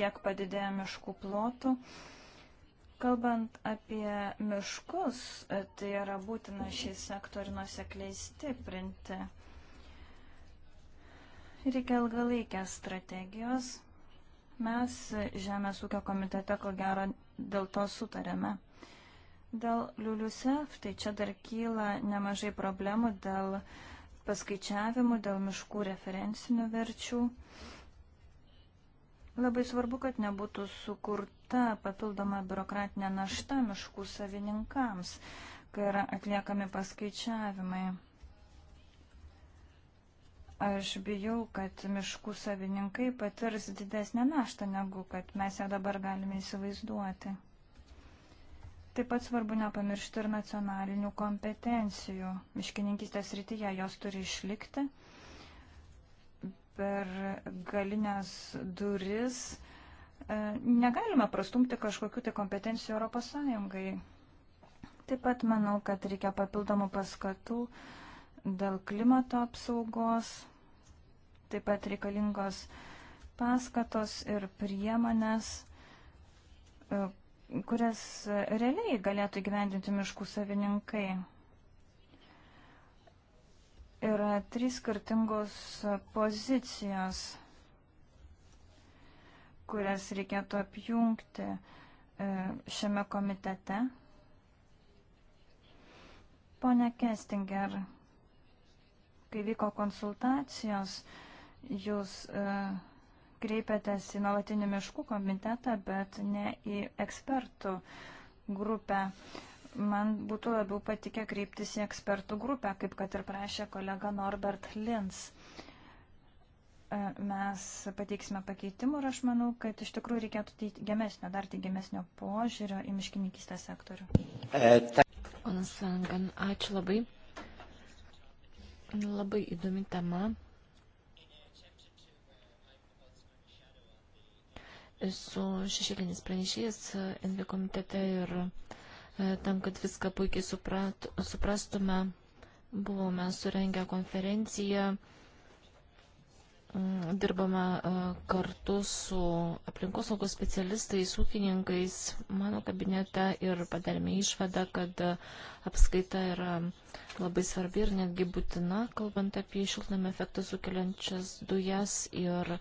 tiek padidėja miškų plotų. E, Kalbant apie miškus, tai yra būtina šį sektorių nusekliai stiprinti. Reikia ilgalaikės strategijos. Mes Žemės ūkio komitete, ko gero, dėl to sutarėme. Dėl LULUSEF, tai čia dar kyla nemažai problemų dėl paskaičiavimų, dėl miškų referencinių verčių. Labai svarbu, kad nebūtų sukurt ta papildoma biurokratinė našta miškų savininkams, kai yra atliekami paskaičiavimai. Aš bijau, kad miškų savininkai patirs didesnę naštą, negu kad mes ją dabar galime įsivaizduoti. Taip pat svarbu nepamiršti ir nacionalinių kompetencijų. Miškininkistės rytyje jos turi išlikti. Per galinės duris E, Negalime prastumti kažkokių tai kompetencijų Europos Sąjungai. Taip pat manau, kad reikia papildomų paskatų dėl klimato apsaugos, taip pat reikalingos paskatos ir priemonės, e, kurias realiai galėtų gyvendinti miškų savininkai. Yra trys skirtingos pozicijos kurias reikėtų apjungti e, šiame komitete. Pone Kestinger, kai vyko konsultacijos, jūs e, kreipėtės į nuolatinį miškų komitetą, bet ne į ekspertų grupę. Man būtų labiau patikę kreiptis į ekspertų grupę, kaip kad ir prašė kolega Norbert Lins. E, mes pateiksime pakeitimų ir aš manau, kad iš tikrųjų reikėtų teigiamesnio, dar teigiamesnio požiūrio į miškininkystės sektorių. E, Ponas Langan, ačiū labai. Labai įdomi tema. Esu šešėlinis pranešėjas NV komitete ir e, tam, kad viską puikiai suprat, suprastume, buvome surengę konferenciją dirbame e, kartu su aplinkosaugos specialistais, ūkininkais. Mano kabinete ir padarėme išvadą, kad apskaita yra labai svarbi ir netgi būtina, kalbant apie šiltnamio efektą sukeliančias dujas ir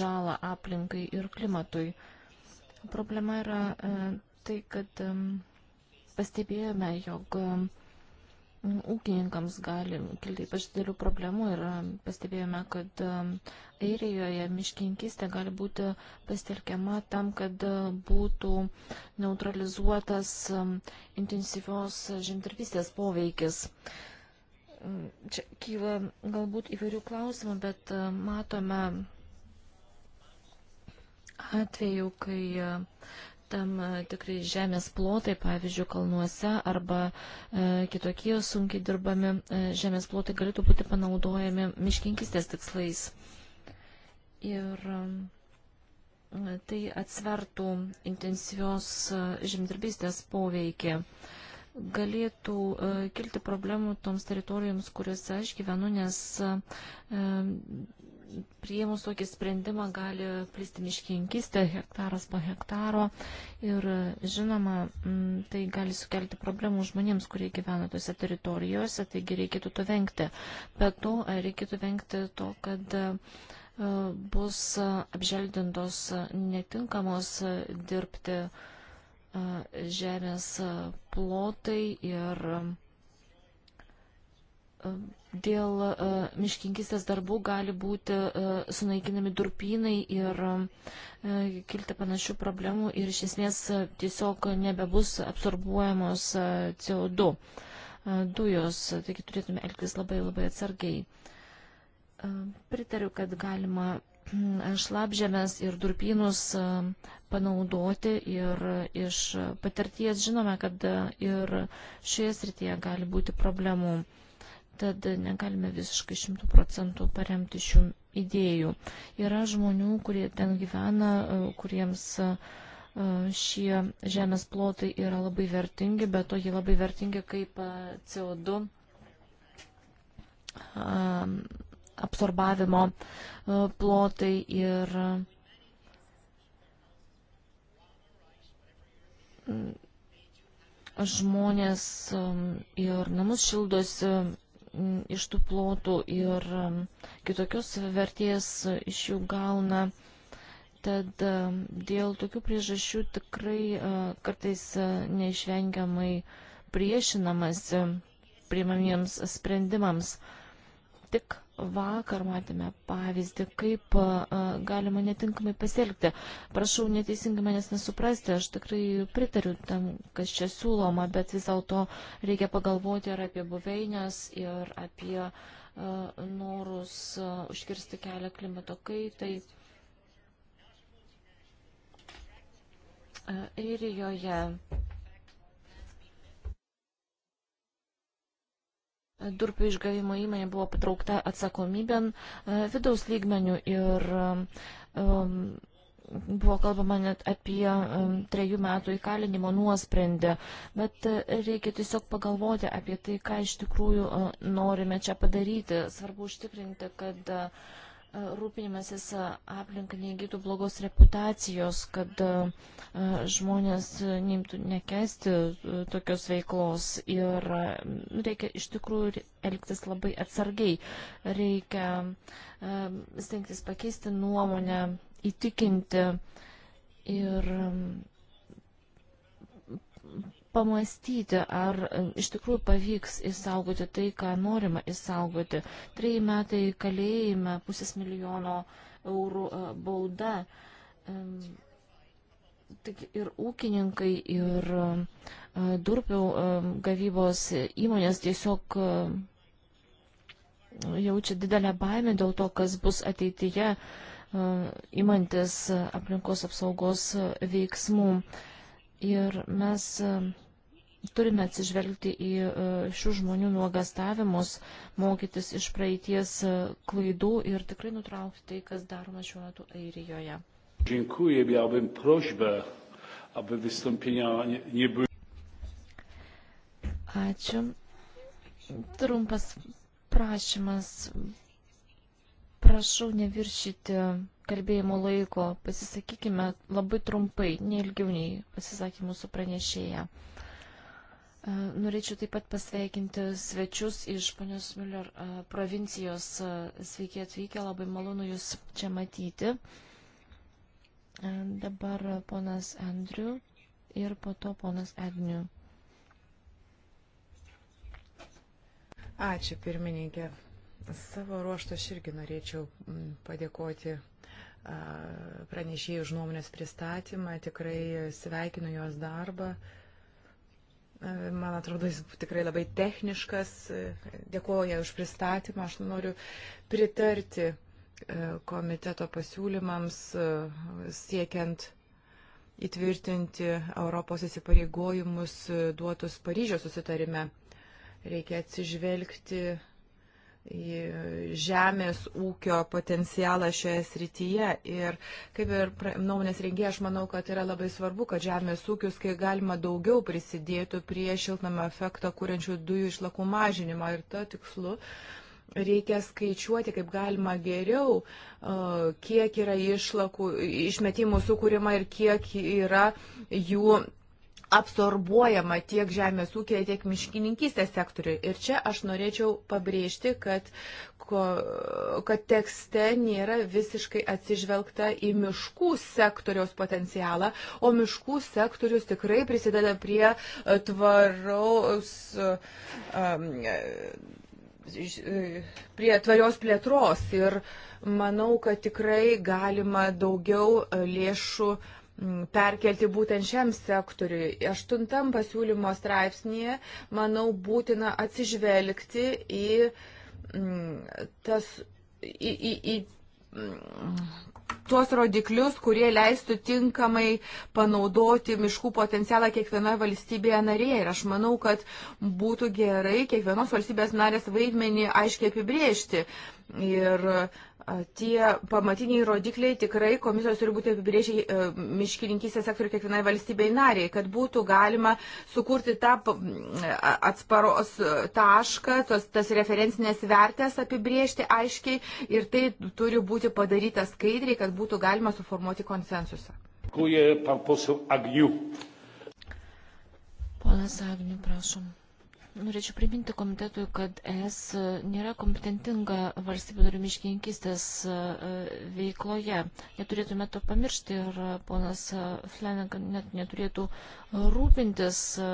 žalą aplinkai ir klimatui. Problema yra e, tai, kad pastebėjome, jog ūkininkams gali kilti ypač didelių problemų ir um, pastebėjome, kad um, Airijoje miškininkistė gali būti pasitelkiama tam, kad uh, būtų neutralizuotas um, intensyvios žemdirbystės poveikis. Mm, čia kyla galbūt įvairių klausimų, bet uh, matome atveju, kai uh, tam e, tikrai žemės plotai, pavyzdžiui, kalnuose arba e, kitokie sunkiai dirbami e, žemės plotai galėtų būti panaudojami miškinkistės tikslais. Ir e, tai atsvertų intensyvios e, žemdirbystės poveikį. Galėtų e, kilti problemų toms teritorijoms, kuriuose aš gyvenu, nes e, prieimus tokį sprendimą gali plisti miškininkistė hektaras po hektaro ir žinoma, tai gali sukelti problemų žmonėms, kurie gyvena tose teritorijose, taigi reikėtų to vengti. Bet to reikėtų vengti to, kad e, bus apželdintos netinkamos dirbti e, žemės plotai ir dėl e, miškinkistės darbų gali būti e, sunaikinami durpynai ir e, kilti panašių problemų ir iš esmės tiesiog nebebus absorbuojamos CO2 dujos, taigi turėtume elgtis labai labai atsargiai. Pritariu, kad galima šlapžemės ir durpynus panaudoti ir iš patirties žinome, kad ir šioje srityje gali būti problemų tad negalime visiškai šimtų procentų paremti šių idėjų. Yra žmonių, kurie ten gyvena, e, kuriems e, šie žemės plotai yra labai vertingi, bet to jie labai vertingi kaip e, CO2 absorbavimo plotai ir žmonės ir namus šildosi Mm, iš tų plotų ir mm, kitokios vertės iš jų gauna. Tad mm, dėl tokių priežasčių tikrai kartais neišvengiamai priešinamasi priimamiems sprendimams. Tik vakar matėme pavyzdį, kaip galima netinkamai pasielgti. Prašau neteisingai manęs nesuprasti, aš tikrai pritariu tam, kas čia siūloma, bet vis dėlto reikia pagalvoti ir apie buveinės, ir apie norus užkirsti kelią klimato kaitai. Airijoje Durpių išgavimo įmonė buvo patraukta atsakomybėn e, vidaus lygmenių ir e, buvo kalbama net apie e, trejų metų įkalinimo nuosprendę, bet reikia tiesiog pagalvoti apie tai, ką iš tikrųjų norime čia padaryti. Svarbu užtikrinti, kad E, rūpinimasis aplinka neįgytų blogos reputacijos, kad e, žmonės neimtų nekesti e, tokios veiklos ir reikia iš tikrųjų elgtis labai atsargiai. Reikia stengtis pakeisti nuomonę, įtikinti ir pamastyti, ar e, iš tikrųjų pavyks įsaugoti tai, ką norima įsaugoti. Trejai metai kalėjime, pusės milijono eurų e, bauda. Tik ir ūkininkai, ir e, durpių gavybos įmonės tiesiog jaučia didelę baimę dėl to, kas bus ateityje įmantis aplinkos apsaugos veiksmų. Ir mes turime atsižvelgti į e, šių žmonių nuogastavimus, mokytis iš praeities e, klaidų ir tikrai nutraukti tai, kas daroma šiuo metu Airijoje. Dziękuję, miałbym prośbę, aby wystąpienia nie, nie były. Ačiū. Trumpas prašymas. Prašau neviršyti kalbėjimo laiko. Pasisakykime labai trumpai, neilgiau nei pasisakė mūsų pranešėja. E, norėčiau taip pat pasveikinti svečius iš ponios Miller e, provincijos. E, sveiki atvykę, labai malonu Jūs čia matyti. Dabar ponas Andriu ir po to ponas Agniu. Ačiū pirmininkė. Savo ruoštą aš irgi norėčiau padėkoti pranešėjų už nuomonės pristatymą. Tikrai sveikinu jos darbą. E, man atrodo, jis tikrai labai techniškas. E, Dėkuoju už pristatymą. Aš noriu pritarti e, komiteto pasiūlymams siekiant įtvirtinti Europos įsipareigojimus duotus Paryžiaus susitarime. Reikia atsižvelgti žemės ūkio potencialą šioje srityje. Ir kaip ir nuomonės rengėjai, aš manau, kad yra labai svarbu, kad žemės ūkius, kai galima daugiau prisidėtų prie šiltnamą efektą kūrenčių dujų išlakų mažinimo. Ir to tikslu reikia skaičiuoti kaip galima geriau, kiek yra išlakų, išmetimų sukūrima ir kiek yra jų absorbuojama tiek žemės ūkėje, tiek miškininkystės sektoriui. Ir čia aš norėčiau pabrėžti, kad, ko, kad tekste nėra visiškai atsižvelgta į miškų sektoriaus potencialą, o miškų sektorius tikrai prisideda prie e, tvaraus. Um, prie tvarios plėtros ir manau, kad tikrai galima daugiau lėšų uh, perkelti būtent šiam sektoriui. Aštuntam pasiūlymo straipsnėje, manau, būtina atsižvelgti į tas. Į, į, į, tuos rodiklius, kurie leistų tinkamai panaudoti miškų potencialą kiekvienoje valstybėje narėje. Ir aš manau, kad būtų gerai kiekvienos valstybės narės vaidmenį aiškiai apibriežti. Ir Tie pamatiniai rodikliai tikrai komisijos turi būti apibrėžiai e, miškininkysės sektorių kiekvienai valstybei nariai, kad būtų galima sukurti tą atsparos e, tašką, tos, tas referencinės vertės apibrėžti aiškiai ir tai turi būti padaryta skaidriai, kad būtų galima suformuoti konsensusą. Ponas Agnių, prašom. Norėčiau priminti komitetui, kad ES nėra kompetentinga valstybių narių miškininkistės e, veikloje. Neturėtume to pamiršti ir ponas Flanagan net neturėtų rūpintis e,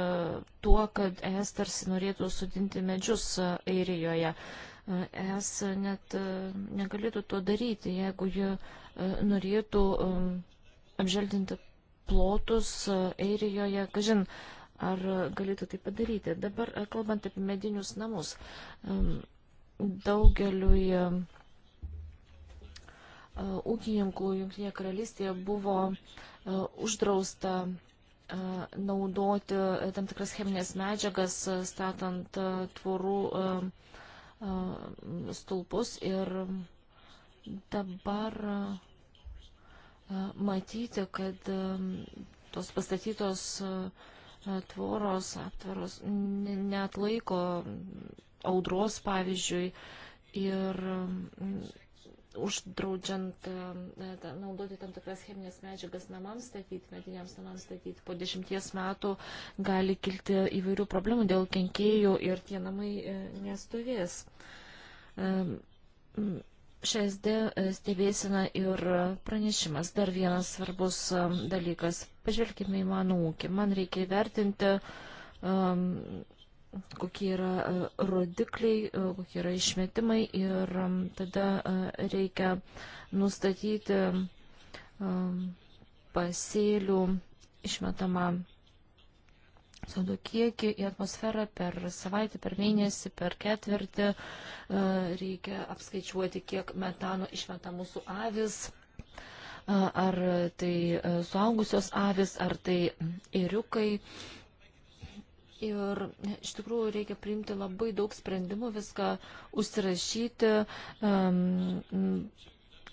tuo, kad ES tarsi norėtų sudinti medžius e, Airijoje. ES net negalėtų to daryti, jeigu ji norėtų apželdinti plotus Airijoje. Kažin, ar galėtų tai padaryti. Dabar, e, kalbant apie medinius namus, daugeliui e, ūkininkų Junktinėje karalystėje buvo e, uždrausta naudoti tam tikras cheminės medžiagas, statant tvorų stulpus ir dabar matyti, kad tos pastatytos uh, tvoros, aptvaros net laiko audros, pavyzdžiui, ir mm, uždraudžiant e, naudoti tam tikras cheminės medžiagas namams statyti, mediniams namams statyti, po dešimties metų gali kilti įvairių problemų dėl kenkėjų ir tie namai e, nestovės e, 6D e, stebėsina ir pranešimas. Dar vienas svarbus e, dalykas. Pažvelkime į mano ūkį. Man reikia įvertinti, um, kokie yra e, rodikliai, kokie yra išmetimai ir um, tada uh, reikia nustatyti um, pasėlių išmetamą sodų kiekį į atmosferą per savaitę, per mėnesį, per ketvirtį. E, reikia apskaičiuoti, kiek metano išmeta mūsų avis. E, ar tai e, suaugusios avis, ar tai iriukai. Ir iš tikrųjų reikia priimti labai daug sprendimų, viską užsirašyti um,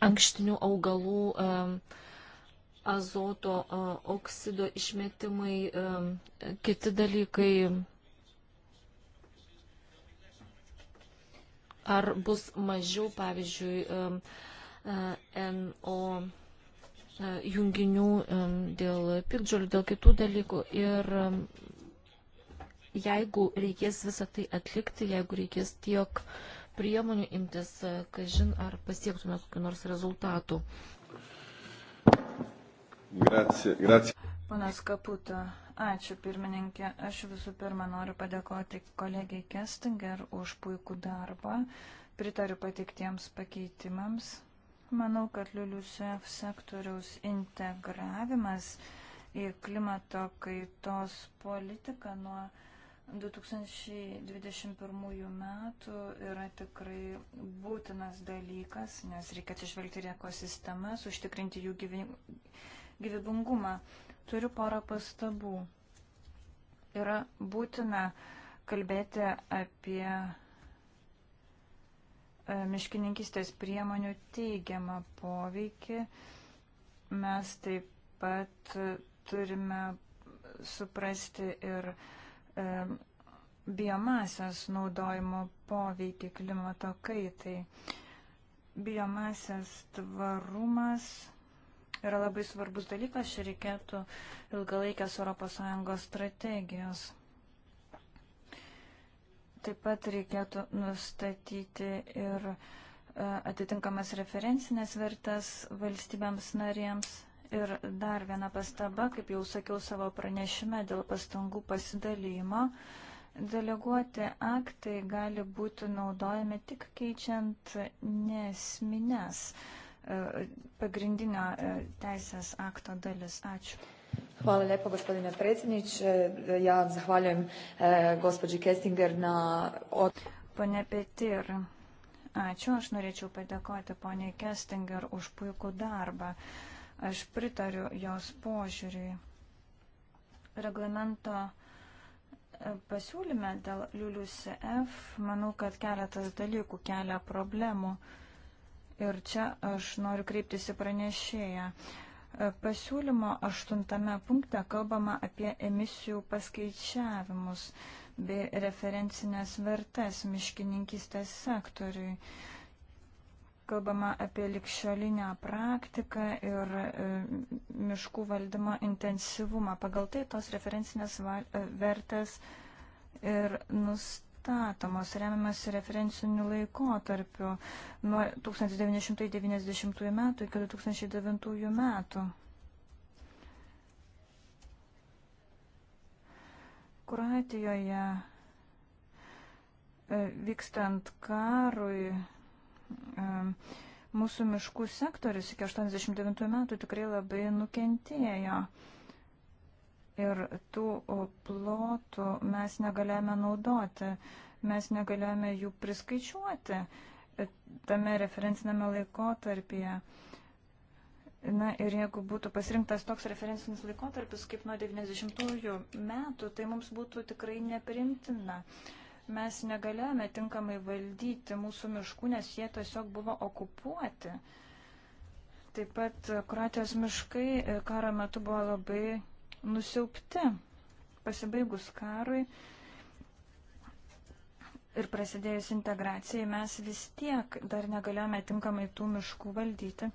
ankštinių augalų um, azoto oksido išmetimai, kiti dalykai. Ar bus mažiau, pavyzdžiui, NO junginių dėl pikdžiolių, dėl kitų dalykų. Ir jeigu reikės visą tai atlikti, jeigu reikės tiek priemonių imtis, kažin ar pasiektume kokiu nors rezultatu. Grazie, grazie. Panas Kaputo, ačiū pirmininkė. Aš visų pirma noriu padėkoti kolegiai Kestinger už puikų darbą. Pritariu patiktiems pakeitimams. Manau, kad LULUSEF sektoriaus integravimas į klimato kaitos politiką nuo 2021 metų yra tikrai būtinas dalykas, nes reikia atsižvelgti ir ekosistemas, užtikrinti jų gyvenimą gyvybingumą. Turiu porą pastabų. Yra būtina kalbėti apie e, miškininkistės priemonių teigiamą poveikį. Mes taip pat turime suprasti ir e, biomasės naudojimo poveikį klimato kaitai. Biomasės tvarumas yra labai svarbus dalykas, čia reikėtų ilgalaikės ES strategijos. Taip pat reikėtų nustatyti ir e, atitinkamas referencinės vertas valstybėms narėms. Ir dar viena pastaba, kaip jau sakiau savo pranešime dėl pastangų pasidalymo, deleguoti aktai gali būti naudojami tik keičiant nesminės. Ne pagrindinio e, teisės akto dalis. Ačiū. Hvala lijepo gospodine predsjedniče. Ja zahvaljujem e, gospođi Kestinger na... Od... Pone Petir, ačiū. Aš norėčiau padėkoti poniai Kestinger už puikų darbą. Aš pritariu jos požiūriui. Reglamento e, pasiūlyme dėl LULUCF, e manau, kad keletas dalykų kelia problemų. E, Ir čia aš noriu kreiptis į pranešėją. E, pasiūlymo aštuntame punkte kalbama apie emisijų paskaičiavimus bei referencinės vertes miškininkystės sektoriui. Kalbama apie likščiolinę praktiką ir e, miškų valdymo intensyvumą. Pagal tai tos referencinės e, vertės ir nustatymą nustatomos, remiamas referenciniu laikotarpiu nuo 1990 metų iki 2009 metų. Kroatijoje e, vykstant karui e, mūsų miškų sektorius iki 89 metų tikrai labai nukentėjo ir tų plotų mes negalėjome naudoti, mes negalėjome jų priskaičiuoti e, tame referencinėme laikotarpyje. Na ir jeigu būtų pasirinktas toks referencinis laikotarpis kaip nuo 90-ųjų metų, tai mums būtų tikrai neprimtina. Mes negalėjome tinkamai valdyti mūsų miškų, nes jie tiesiog buvo okupuoti. Taip pat Kroatijos miškai e, karo metu buvo labai nusiaupti pasibaigus karui ir prasidėjus integracijai mes vis tiek dar negalėjome tinkamai tų miškų valdyti,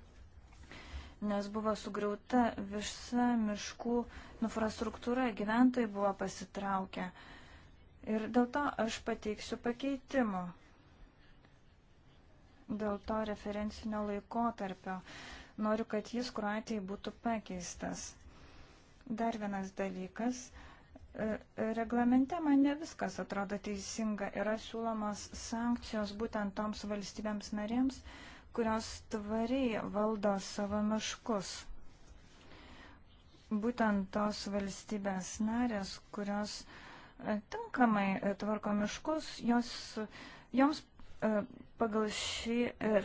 nes buvo sugriauta visa miškų infrastruktūra, gyventojai buvo pasitraukę. Ir dėl to aš pateiksiu pakeitimu. Dėl to referencinio laikotarpio noriu, kad jis Kroatijai būtų pakeistas. Dar vienas dalykas. E, reglamente man ne viskas atrodo teisinga. Yra siūlomas sankcijos būtent toms valstybėms narėms, kurios tvariai valdo savo miškus. Būtent tos valstybės narės, kurios e, tinkamai e, tvarko miškus, jos, joms pagal šį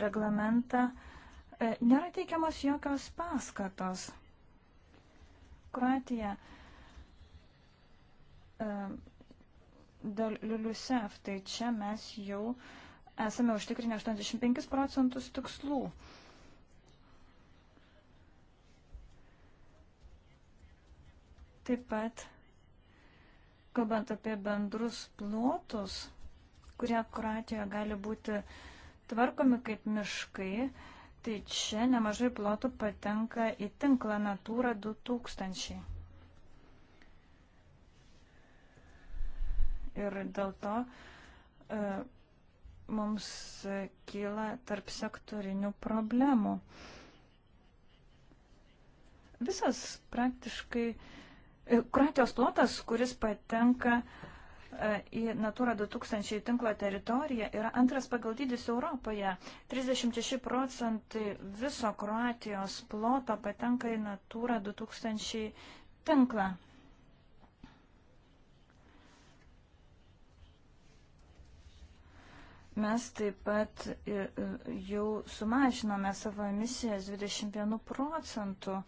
reglamentą nėra teikiamas jokios paskatos. Kroatija e, dėl LULUSEF, tai čia mes jau esame užtikrinę 85 procentus tikslų. Taip pat, kalbant apie bendrus plotus, kurie Kroatijoje gali būti tvarkomi kaip miškai, Tai čia nemažai plotų patenka į tinklą Natūra 2000. Ir dėl to e, mums kyla tarp sektorinių problemų. Visas praktiškai e, Kroatijos plotas, kuris patenka e, E, į Natura 2000 tinklo teritoriją yra antras pagal dydis Europoje. 36 procentai viso Kroatijos ploto patenka į Natura 2000 tinklą. Mes taip pat e, e, jau sumažinome savo emisijas 21 procentų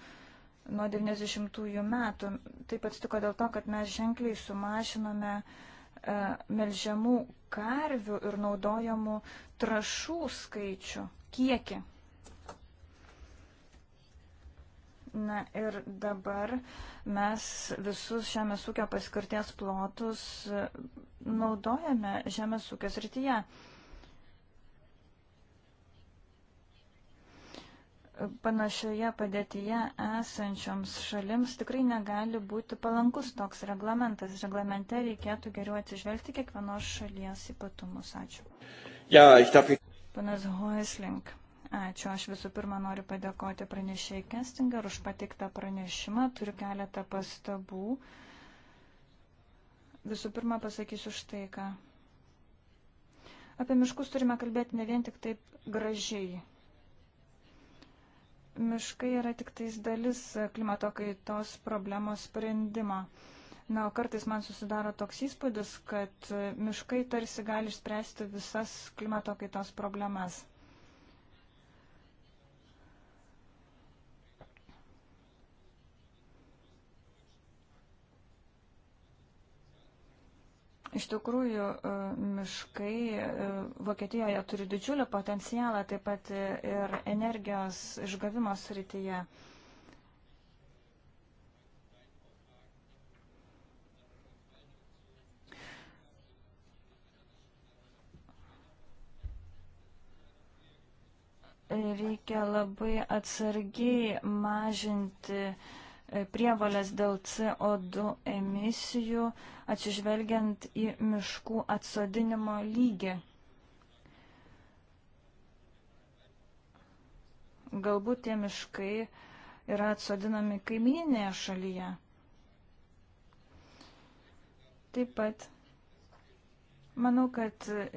nuo 90-ųjų metų. Taip atsitiko dėl to, kad mes ženkliai sumažinome uh, E, melžiamų karvių ir naudojamų trašų skaičių, kiekį. Na ir dabar mes visus žemės ūkio paskirties plotus naudojame žemės ūkio srityje. Uh, panašioje padėtyje esančioms šalims tikrai negali būti palankus toks reglamentas. Reglamente reikėtų geriau atsižvelgti kiekvienos šalies ypatumus. Ačiū. Ja, darf... Panas Hoisling, ačiū. Aš visų pirma noriu padėkoti pranešėjai Kestinger už patiktą pranešimą. Turiu keletą pastabų. Visų pirma pasakysiu štai ką. Apie miškus turime kalbėti ne vien tik taip gražiai miškai yra tik tais dalis klimato kaitos problemos sprendimo. Na, o kartais man susidaro toks įspūdis, kad miškai tarsi gali išspręsti visas klimato kaitos problemas. Iš tikrųjų, e, miškai e, Vokietijoje turi didžiulį potencialą, taip pat ir energijos išgavimo srityje. Reikia labai atsargiai mažinti uh, prievalės dėl CO2 emisijų, atsižvelgiant į miškų atsodinimo lygį. Galbūt tie miškai yra atsodinami kaimininėje šalyje. Taip pat manau, kad e,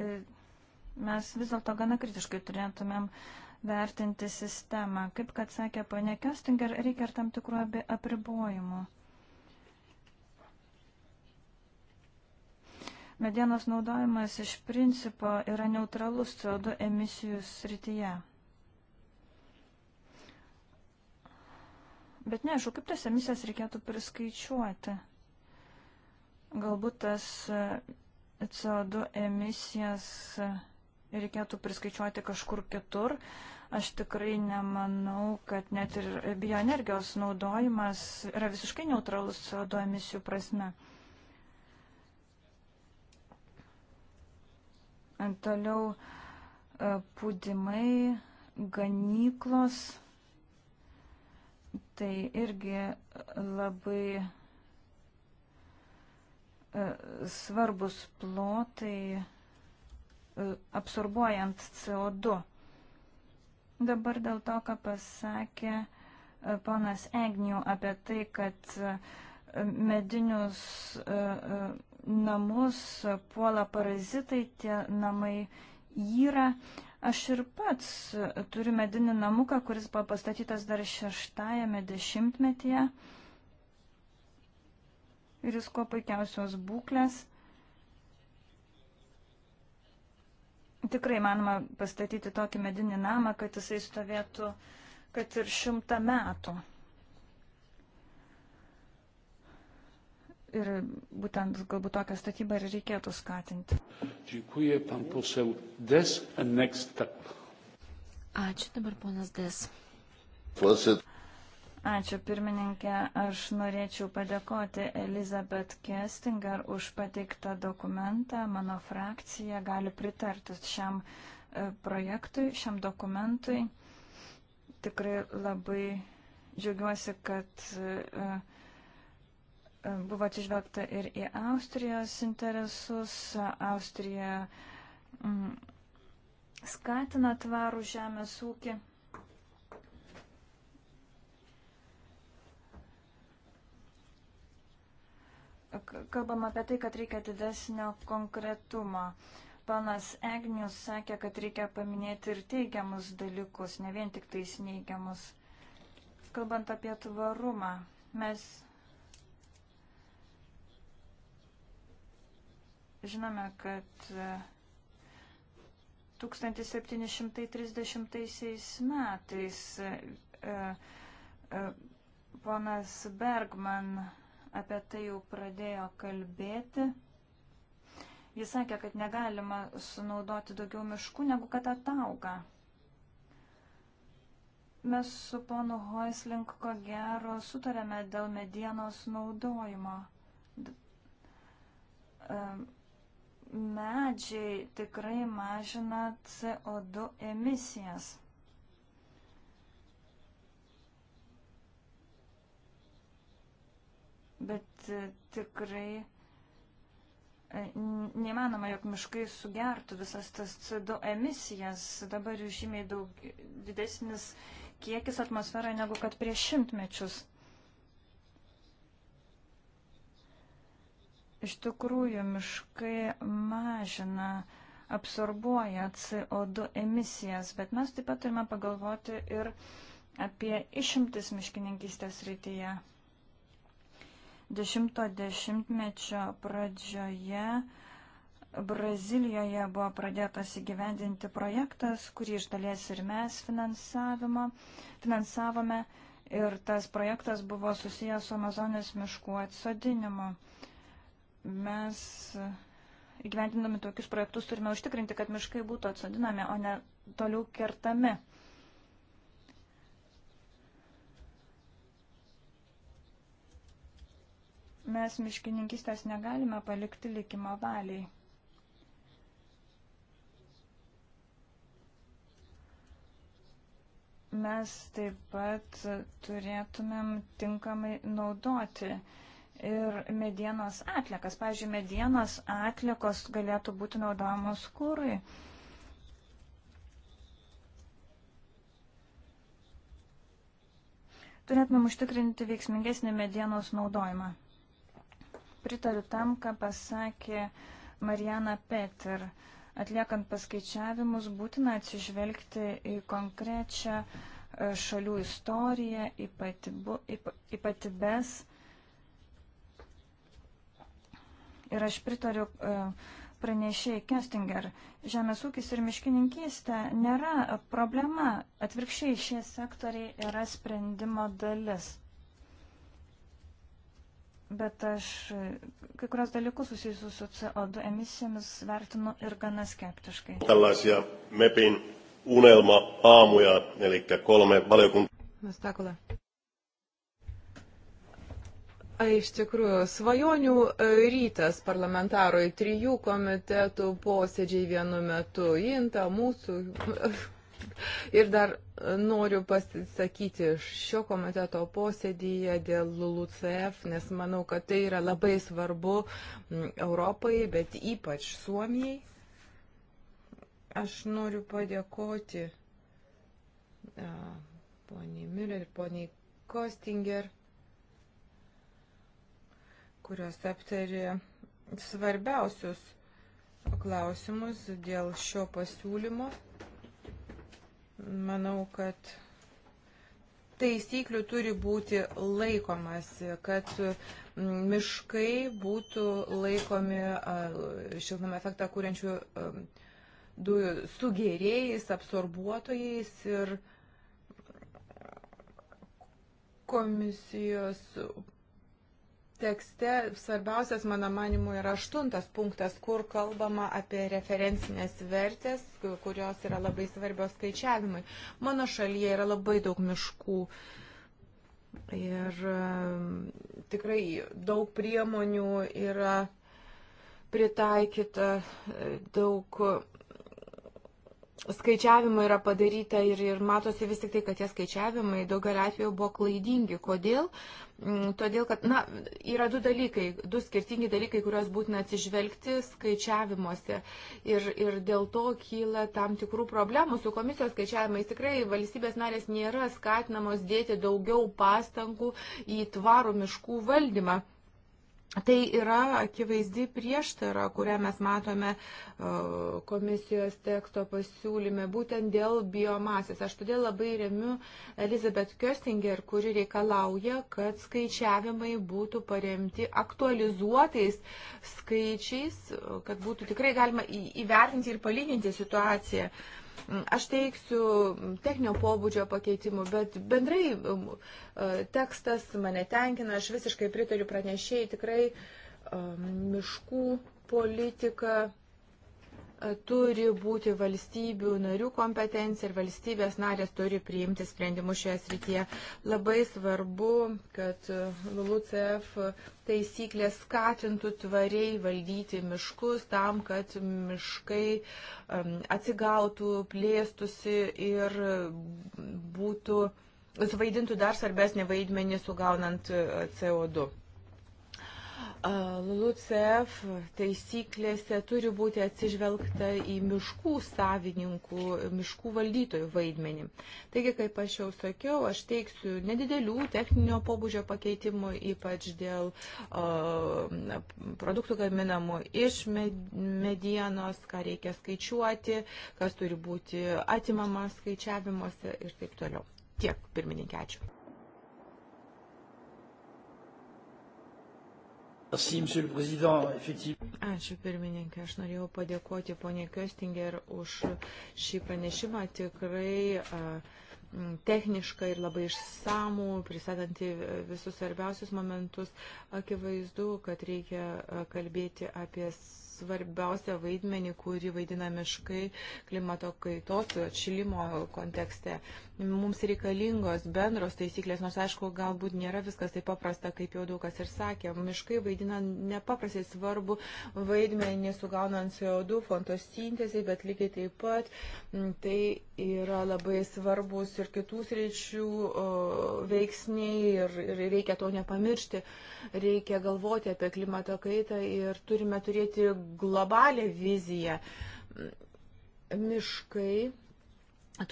mes vis dėlto gana kritiškai turėtumėm uh, vertinti sistemą. Kaip kad sakė ponė Kestinger, reikia ir tam tikrų apribojimų. Medienos naudojimas iš principo yra neutralus CO2 emisijų srityje. Bet neaišku, kaip tas emisijas reikėtų priskaičiuoti. Galbūt tas e, CO2 emisijas reikėtų priskaičiuoti kažkur kitur, Aš tikrai nemanau, kad net ir bioenergijos naudojimas yra visiškai neutralus CO2 emisijų prasme. Ant toliau e, pūdimai, ganyklos. Tai irgi labai e, svarbus plotai e, absorbuojant CO2. Dabar dėl to, ką pasakė e, ponas Egnių apie tai, kad e, medinius e, namus puola parazitai, tie namai yra. Aš ir pats turiu medinį namuką, kuris buvo pastatytas dar šeštajame dešimtmetyje. Ir jis kuo puikiausios būklės. tikrai manoma pastatyti tokį medinį namą, kad jisai stovėtų, kad ir šimtą metų. Ir būtent galbūt tokią statybą ir reikėtų skatinti. Dėkuoju, pan pusiau Des and Next Step. Ačiū dabar ponas Des. Pusit. Ačiū pirmininkė, aš norėčiau padėkoti Elizabet Kestinger už pateiktą dokumentą. Mano frakcija gali pritarti šiam e, projektui, šiam dokumentui. Tikrai labai džiaugiuosi, kad e, e, buvo atsižvelgta ir į Austrijos interesus. Austrija mm, skatina tvarų žemės ūkį. kalbam apie tai, kad reikia didesnio konkretumo. Panas Egnius sakė, kad reikia paminėti ir teigiamus dalykus, ne vien tik tais neigiamus. Kalbant apie tvarumą, mes žinome, kad 1730 metais e, e, ponas Bergman apie tai jau pradėjo kalbėti. Jis sakė, kad negalima sunaudoti daugiau miškų, negu kad atauga. Mes su ponu Hoislink ko gero sutarėme dėl medienos naudojimo. Medžiai tikrai mažina CO2 emisijas. bet e, tikrai e, neįmanoma, jog miškai sugertų visas tas CO2 emisijas. Dabar jų žymiai daug didesnis kiekis atmosferoje negu kad prieš šimtmečius. Iš tikrųjų, miškai mažina, absorbuoja CO2 emisijas, bet mes taip pat turime pagalvoti ir apie išimtis miškininkystės rytyje. 10-mečio pradžioje Brazilijoje buvo pradėtas įgyvendinti projektas, kurį iš dalies ir mes finansavome. Ir tas projektas buvo susijęs su Amazonės miškų atsodinimu. Mes įgyvendinami tokius projektus turime užtikrinti, kad miškai būtų atsodinami, o ne toliau kertami. Mes miškininkistės negalime palikti likimo valiai. Mes taip pat turėtumėm tinkamai naudoti ir medienos atlikas. Pavyzdžiui, medienos atlikos galėtų būti naudojamos kūrui. turėtumėm užtikrinti veiksmingesnį medienos naudojimą pritariu tam, ką pasakė Marijana Peter. Atliekant paskaičiavimus, būtina atsižvelgti į konkrečią e, šalių istoriją, ypatybes. Ir aš pritariu e, pranešėjai Kestinger, žemės ūkis ir miškininkystė nėra problema, atvirkščiai šie sektoriai yra sprendimo dalis bet aš kai kurios dalykus susijusius su CO2 emisijomis vertinu ir gana skeptiškai. Tällaisia MEPin unelma-aamuja, eli kolme valiokuntaa. Iš tikrųjų, svajonių e, rytas parlamentarui, trijų komitetų posėdžiai vienu metu, jinta mūsų, Ir dar noriu pasisakyti šio komiteto posėdėje dėl LULUCF, nes manau, kad tai yra labai svarbu Europai, bet ypač Suomijai. Aš noriu padėkoti poniai Miller ir poniai Kostinger, kurios aptarė svarbiausius klausimus dėl šio pasiūlymo. Manau, kad taisyklių turi būti laikomasi, kad mm, miškai būtų laikomi šiltnamą efektą kūrenčių dujų sugerėjais, absorbuotojais ir komisijos tekste svarbiausias, mano manimu, yra aštuntas punktas, kur kalbama apie referencinės vertės, kurios yra labai svarbios skaičiavimai. Mano šalyje yra labai daug miškų. Ir e, tikrai daug priemonių yra pritaikyta, e, daug skaičiavimai yra padaryta ir, ir matosi vis tik tai, kad tie skaičiavimai daugelį atvejų buvo klaidingi. Kodėl? Mm, todėl, kad, na, yra du dalykai, du skirtingi dalykai, kuriuos būtina atsižvelgti skaičiavimuose. Ir, ir dėl to kyla tam tikrų problemų su komisijos skaičiavimais. Tikrai valstybės narės nėra skatinamos dėti daugiau pastangų į tvarų miškų valdymą. Tai yra akivaizdi prieštara, kurią mes matome e, komisijos teksto pasiūlyme būtent dėl biomasės. Aš todėl labai remiu Elizabeth Köstinger, kuri reikalauja, kad skaičiavimai būtų paremti aktualizuotais skaičiais, kad būtų tikrai galima įvertinti ir palyginti situaciją. Uh, Aš teiksiu techninio pobūdžio pakeitimų, bet bendrai um, e, tekstas mane tenkina, aš visiškai pritariu pranešėjai, tikrai um, miškų politika turi būti valstybių narių kompetencija ir valstybės narės turi priimti sprendimus šioje srityje. Labai svarbu, kad LULUCF taisyklės skatintų tvariai valdyti miškus tam, kad miškai um, atsigautų, plėstusi ir būtų, suvaidintų dar svarbesnį vaidmenį sugaunant uh, CO2. LULUCF taisyklėse turi būti atsižvelgta į miškų savininkų, miškų valdytojų vaidmenį. Taigi, kaip aš jau sakiau, aš teiksiu nedidelių techninio pobūdžio pakeitimų, ypač dėl uh, produktų gaminamų iš medienos, ką reikia skaičiuoti, kas turi būti atimama skaičiavimuose ir taip toliau. Tiek, pirmininkė, ačiū. Merci, Monsieur le Président. Effectivement. Ačiū pirmininkė, aš norėjau padėkoti ponė Köstinger už šį pranešimą. Tikrai uh, technišką ir labai išsamų, pristatanti e, visus svarbiausius momentus. Akivaizdu, kad reikia kalbėti apie svarbiausią vaidmenį, kurį vaidina miškai klimato kaitos, atšilimo kontekste. Mums reikalingos bendros taisyklės, nors aišku, galbūt nėra viskas taip paprasta, kaip jau daug kas ir sakė. Miškai vaidina nepaprastai svarbu vaidmenį sugaunant CO2 fotosintezai, bet lygiai taip pat tai yra labai svarbus ir kitų sričių veiksniai ir, ir reikia to nepamiršti. Reikia galvoti apie klimato kaitą ir turime turėti globalę viziją. Miškai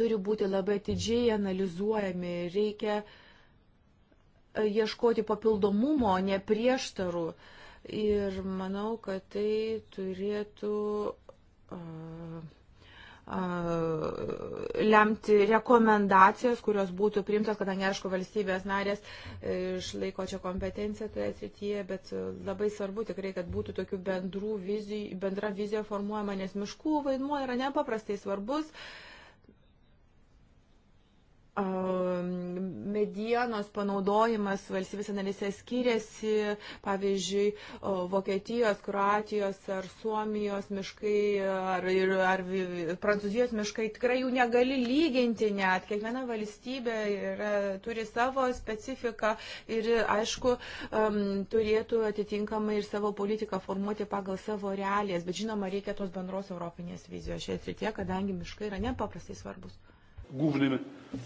turi būti labai atidžiai analizuojami, reikia e, ieškoti papildomumo, ne prieštarų. Ir manau, kad tai turėtų uh, lemti rekomendacijas, kurios būtų priimtos, kadangi, aišku, valstybės narės e, išlaiko čia kompetenciją toje srityje, bet e, labai svarbu tikrai, kad būtų tokių bendrų vizijų, bendra vizija formuojama, nes miškų vaidmuo yra nepaprastai svarbus. Uh, medienos panaudojimas valstybės analise skiriasi, pavyzdžiui, Vokietijos, Kroatijos ar Suomijos miškai ar, ir, ar Prancūzijos miškai, tikrai jų negali lyginti net, kiekviena valstybė yra, turi savo specifiką ir, aišku, turėtų atitinkamai ir savo politiką formuoti pagal savo realijas, bet žinoma, reikia tos bendros europinės vizijos šioje srityje, kadangi miškai yra nepaprastai svarbus głównym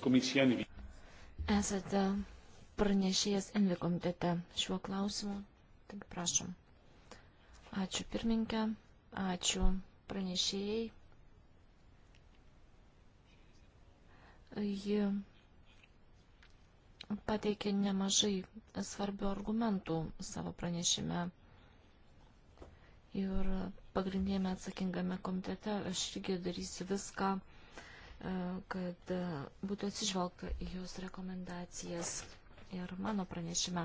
komisji Envi. Esate pranešėjas Envi komitete šiuo klausimu. Tik prašom. Ačiū pirmininkė, ačiū pranešėjai. Ji pateikė nemažai svarbių argumentų savo pranešime. Ir pagrindėme atsakingame komitete aš irgi darysiu viską, E, kad e, būtų atsižvelgta į jos rekomendacijas ir mano pranešime.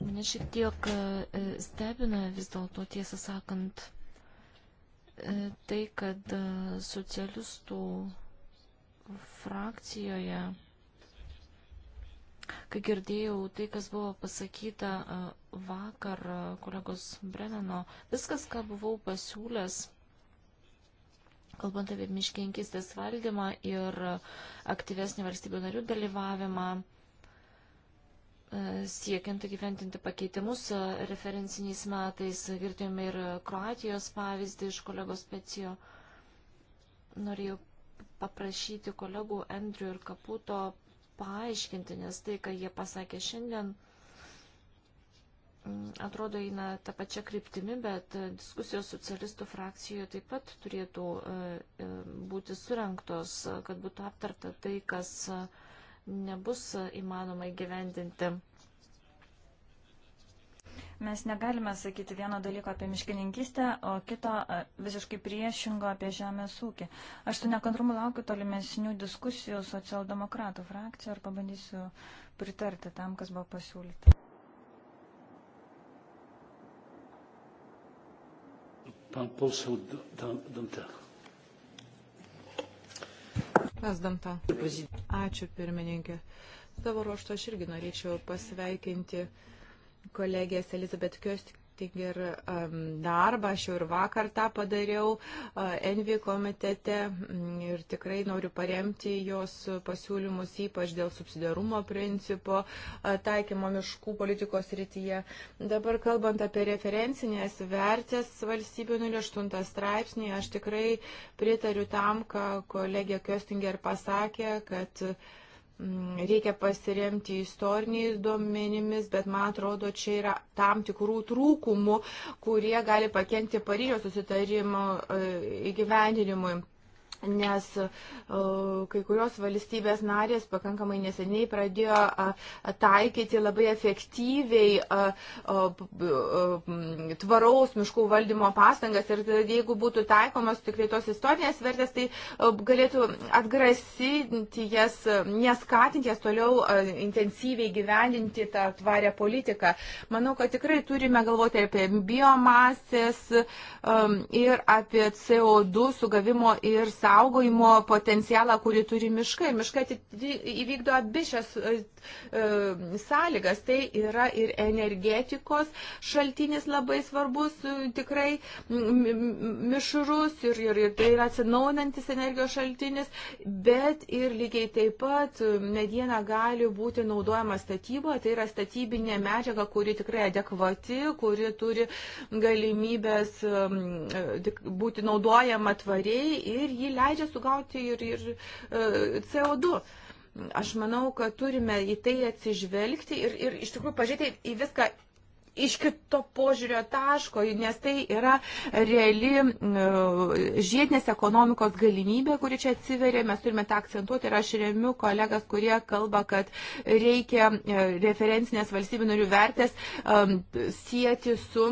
Mane šiek tiek e, stebina vis dėlto tiesą sakant tai, kad socialistų frakcijoje, kai girdėjau tai, kas buvo pasakyta vakar kolegos Brennano, viskas, ką buvau pasiūlęs, kalbant apie miškininkistės valdymą ir aktyvesnį valstybių narių dalyvavimą, e, siekiant įgyventinti pakeitimus e, referenciniais metais, girdėjome ir Kroatijos pavyzdį iš kolegos Pecijo. Norėjau paprašyti kolegų Andrių ir Kaputo paaiškinti, nes tai, ką jie pasakė šiandien, atrodo eina tą pačią kryptimį, bet e, diskusijos socialistų frakcijoje taip pat turėtų e, e, būti surinktos, kad būtų aptarta tai, kas nebus įmanoma įgyvendinti. Mes negalime sakyti vieno dalyko apie miškininkystę, o kito visiškai priešingo apie žemės ūkį. Aš su nekantrumu laukiu tolimesnių diskusijų socialdemokratų frakcijų ir pabandysiu pritarti tam, kas buvo pasiūlyta. Pan poseł Dante. Kas Dante? Ačiū pirmininkė. Savo ruoštų aš irgi norėčiau pasveikinti kolegės Elizabet Kiosti Tik ir um, darbą aš jau ir vakar tą padariau uh, Envi komitete ir tikrai noriu paremti jos pasiūlymus, ypač dėl subsidiarumo principo uh, taikymo miškų politikos rytyje. Dabar kalbant apie referencinės vertės valstybių 08 straipsnį, aš tikrai pritariu tam, ką kolegė Köstinger pasakė, kad uh, Mm, reikia pasiremti istoriniais duomenimis, bet man atrodo, čia yra tam tikrų trūkumų, kurie gali pakengti Paryžiaus susitarimo e, įgyvendinimui nes e, kai kurios valstybės narės pakankamai neseniai pradėjo taikyti labai efektyviai tvaraus miškų valdymo pastangas ir jeigu būtų taikomas tikrai tos istorinės vertės, tai galėtų atgrasinti jas, neskatinti jas toliau intensyviai gyvendinti tą tvarę politiką. Manau, kad tikrai turime galvoti apie biomasės ir apie CO2 sugavimo ir sąlygą saugojimo potencialą, kurį turi miškai. Miškai įvykdo abi šias e, e, sąlygas. Tai yra ir energetikos šaltinis labai svarbus, e, tikrai mišrus ir, ir, ir tai yra atsinaunantis energijos šaltinis, bet ir lygiai taip pat mediena gali būti naudojama statyboje, tai yra statybinė medžiaga, kuri tikrai adekvati, kuri turi galimybės būti naudojama tvariai ir ji leidžia sugauti ir, ir e, CO2. Aš manau, kad turime į tai atsižvelgti ir, ir iš tikrųjų pažiūrėti į viską iš kito požiūrio taško, nes tai yra reali e, žiedinės ekonomikos galimybė, kuri čia atsiveria, mes turime tą akcentuoti ir aš remiu kolegas, kurie kalba, kad reikia e, referencinės valstybių narių vertės um, sieti su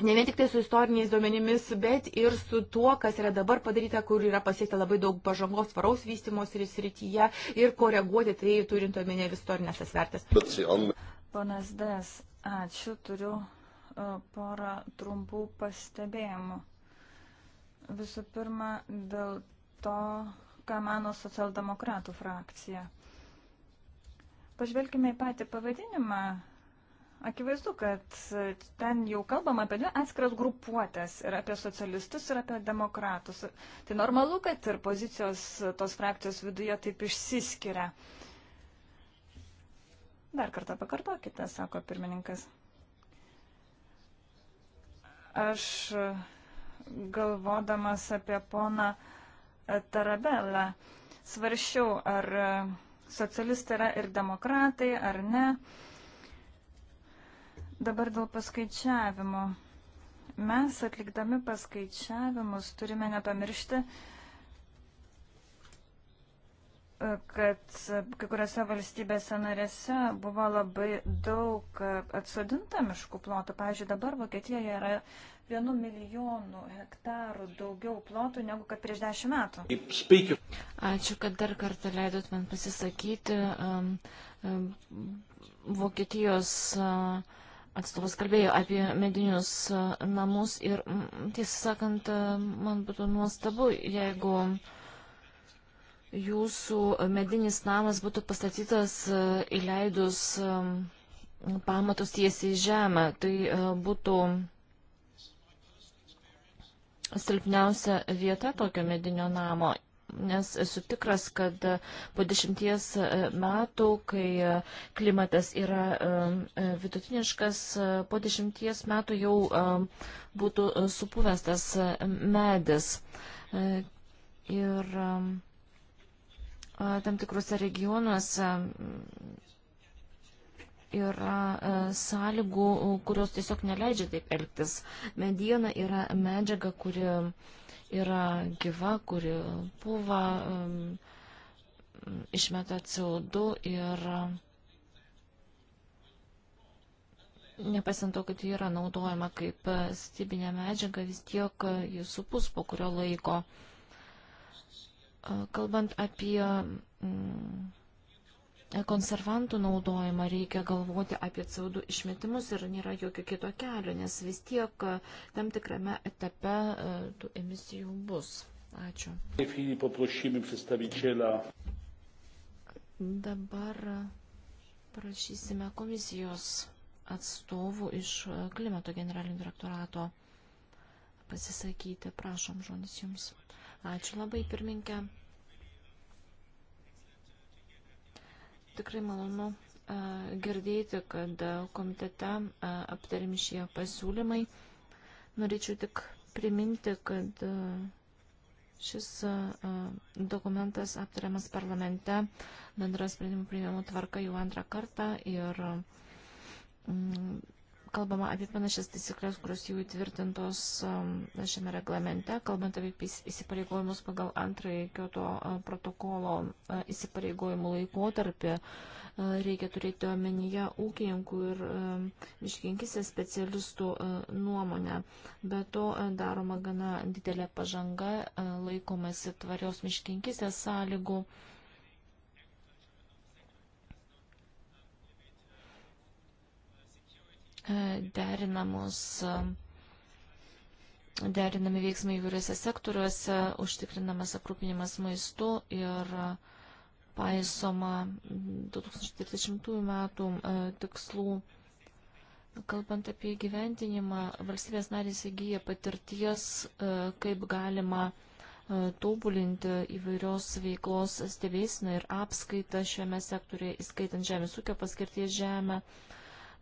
ne vien tik tai su istoriniais duomenimis, bet ir su tuo, kas yra dabar padaryta, kur yra pasiekta labai daug pažangos tvaraus vystimos ir srityje ir koreguoti tai turint omenyje istorinės asvertės. Ponas Des, ačiū, turiu e, porą trumpų pastebėjimų. Visų pirma, dėl to, ką mano socialdemokratų frakcija. Pažvelkime į patį pavadinimą akivaizdu, kad ten jau kalbama apie dvi atskiras grupuotės ir apie socialistus ir apie demokratus. Tai normalu, kad ir pozicijos tos frakcijos viduje taip išsiskiria. Dar kartą pakartokite, sako pirmininkas. Aš galvodamas apie poną Tarabelą svaršiau, ar socialistai yra ir demokratai, ar ne. Uh, Dabar dėl paskaičiavimo. Mes atlikdami paskaičiavimus turime nepamiršti, kad kai kuriuose valstybėse narėse buvo labai daug atsodinta miškų plotų. Pavyzdžiui, dabar Vokietijoje yra vienu milijonu hektarų daugiau plotų negu kad prieš dešimt metų. Ačiū, kad dar kartą leidot man pasisakyti. Vokietijos uh, atstovas kalbėjo apie medinius e, namus ir, tiesą sakant, e, man būtų nuostabu, jeigu jūsų medinis namas būtų pastatytas e, įleidus pamatus tiesiai į žemę. Tai būtų silpniausia vieta tokio medinio namo nes esu tikras, kad e, po dešimties e, metų, kai e, klimatas yra vidutiniškas, po dešimties metų jau būtų supuvęs tas medis. Ir tam tikrose regionuose yra sąlygų, kurios tiesiog neleidžia taip elgtis. Mediena yra medžiaga, kuri yra gyva, kuri buvo, išmeta CO2 ir nepasiant to, kad ji yra naudojama kaip stybinė medžiaga, vis tiek jis supus po kurio laiko. Kalbant apie mm, konservantų naudojimą, reikia galvoti apie CO2 išmetimus ir nėra jokio kito kelio, nes vis tiek e, tam tikrame etape e, tų emisijų bus. Ačiū. Dabar prašysime komisijos atstovų iš e, klimato generalinio direktorato pasisakyti. Prašom, žodis jums. Ačiū labai, pirminkė. Tikrai malonu girdėti, kad komitete aptarim šie pasiūlymai. Norėčiau tik priminti, kad šis dokumentas aptariamas parlamente bendras sprendimų priėmimo tvarka jau antrą kartą ir mm, kalbama apie panašias taisyklės, kurios jau įtvirtintos um, šiame reglamente, kalbant apie įsipareigojimus pagal antrąjį Kyoto protokolo įsipareigojimų laikotarpį. Reikia turėti omenyje ūkininkų ir miškinkisės specialistų nuomonę. Be to daroma gana didelė pažanga, laikomasi tvarios miškinkisės sąlygų. E, derinamos e, derinami veiksmai įvairiuose sektoriuose, užtikrinamas aprūpinimas maistu ir paisoma 2030 metų e, tikslų. Kalbant apie gyventinimą, valstybės narys įgyja patirties, kaip galima tobulinti įvairios veiklos stebėsiną ir apskaitą šiame sektorėje, įskaitant žemės ūkio paskirties žemę, žemę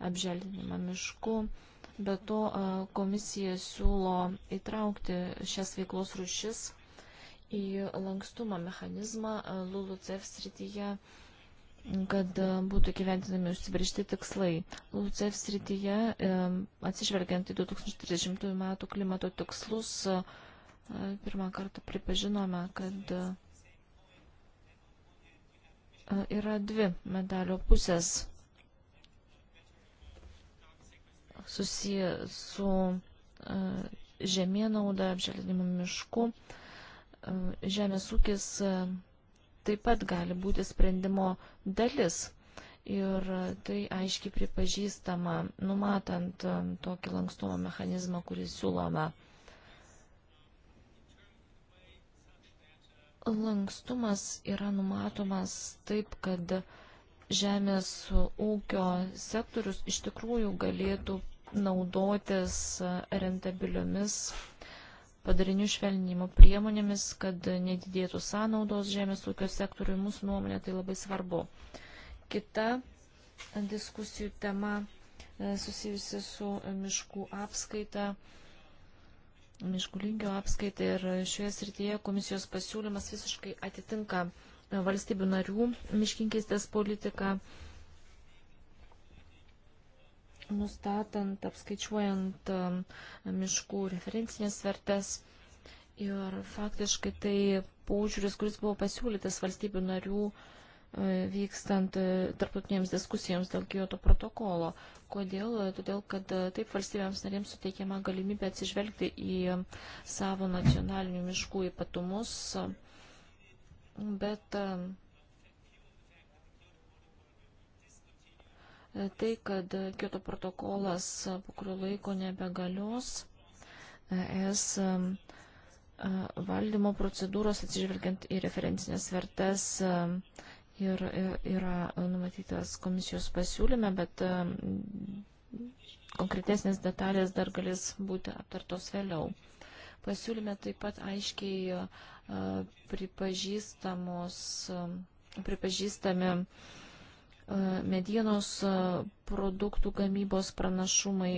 apželdinimą miškų. Be to komisija siūlo įtraukti šias veiklos rušis į lankstumo mechanizmą LULUCEF srityje kad būtų gyventinami užsibriežti tikslai. LUCEF srityje, atsižvelgiant į 2030 m. klimato tikslus, pirmą kartą pripažinome, kad yra dvi medalio pusės. susiję su e, žemėnauda, apželdinimu mišku. E, žemės ūkis e, taip pat gali būti sprendimo dalis. Ir tai aiškiai pripažįstama, numatant tokį lankstumo mechanizmą, kurį siūlome. Lankstumas yra numatomas taip, kad uh, žemės ūkio sektorius iš tikrųjų galėtų naudotis rentabiliomis padarinių švelninimo priemonėmis, kad nedidėtų sąnaudos žemės ūkio sektoriui, mūsų nuomonė tai labai svarbu. Kita diskusijų tema e, susijusi su miškų apskaita, miškų lygio apskaita ir šioje srityje komisijos pasiūlymas visiškai atitinka uh, valstybių narių miškinkistės politiką, nustatant, apskaičiuojant um, miškų referencinės vertes. Ir faktiškai tai paužiūris, kuris buvo pasiūlytas valstybių narių e, vykstant e, tarptautinėms diskusijoms dėl Kyoto protokolo. Kodėl? Todėl, kad e, taip valstybėms narėms suteikiama galimybė atsižvelgti į savo nacionalinių miškų ypatumus, bet e, tai, kad kito protokolas po kurio laiko nebegalios, es e, e, valdymo procedūros atsižvelgiant į referencinės vertes ir yra numatytas komisijos pasiūlyme, bet konkretesnės detalės dar galės būti aptartos vėliau. Pasiūlyme taip pat aiškiai pripažįstamos, pripažįstami medienos produktų gamybos pranašumai,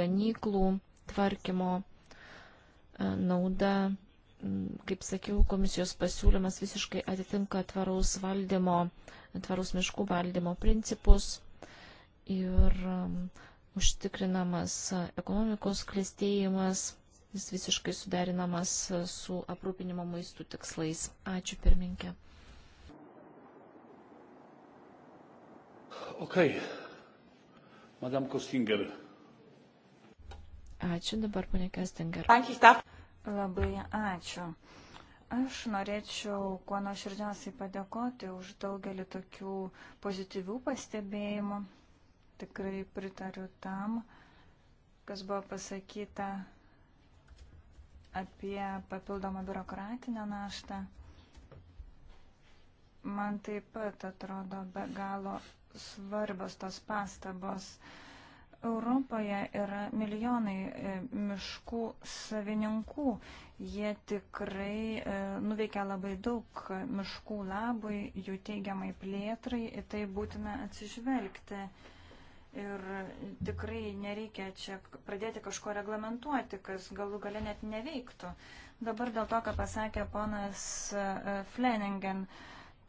ganyklų tvarkymo nauda. Mm, kaip sakiau, komisijos pasiūlymas visiškai atitinka tvaraus valdymo, tvaraus miškų valdymo principus ir užtikrinamas ekonomikos klėstėjimas jis visiškai suderinamas su aprūpinimo maistų tikslais. Ačiū pirminkė. Okay. Madame Kostinger. Ačiū dabar, ponė Kestinger. Labai ačiū. Aš norėčiau kuo nuoširdžiausiai padėkoti už daugelį tokių pozityvių pastebėjimų. Tikrai pritariu tam, kas buvo pasakyta apie papildomą biurokratinę naštą. Man taip pat atrodo be galo svarbios tos pastabos. Europoje yra milijonai e, miškų savininkų. Jie tikrai e, nuveikia labai daug miškų labui, jų teigiamai plėtrai, į tai būtina atsižvelgti. Ir tikrai nereikia čia pradėti kažko reglamentuoti, kas galų gale net neveiktų. Dabar dėl to, ką pasakė ponas e, Fleningen,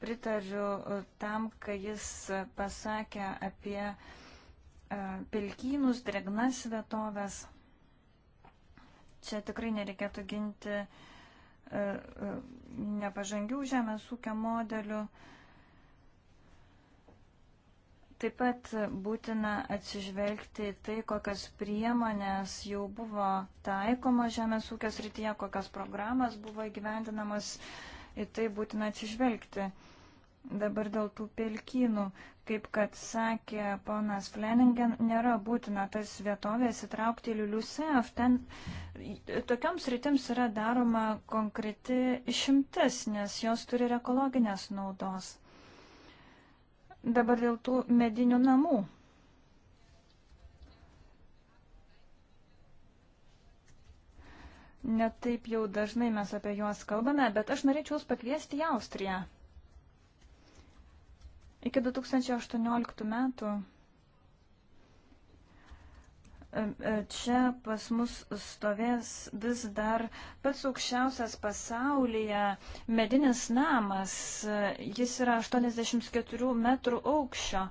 pritariu e, tam, kai jis pasakė apie e, pelkynus, dregnas vietovės. Čia tikrai nereikėtų ginti nepažangių žemės ūkio modelių. Taip pat būtina atsižvelgti tai, kokias priemonės jau buvo taikoma žemės ūkio srityje, kokias programas buvo įgyvendinamas, į tai būtina atsižvelgti. Dabar dėl tų pelkynų, kaip kad sakė ponas Fleningen, nėra būtina tas vietovės įtraukti į Liuliusef. Ten tokioms rytims yra daroma konkreti išimtis, nes jos turi ekologinės naudos. Dabar dėl tų medinių namų. Netaip jau dažnai mes apie juos kalbame, bet aš norėčiau jūs pakviesti į Austriją. Iki 2018 metų Čia pas mus stovės vis dar pats aukščiausias pasaulyje medinis namas. Jis yra 84 metrų aukščio.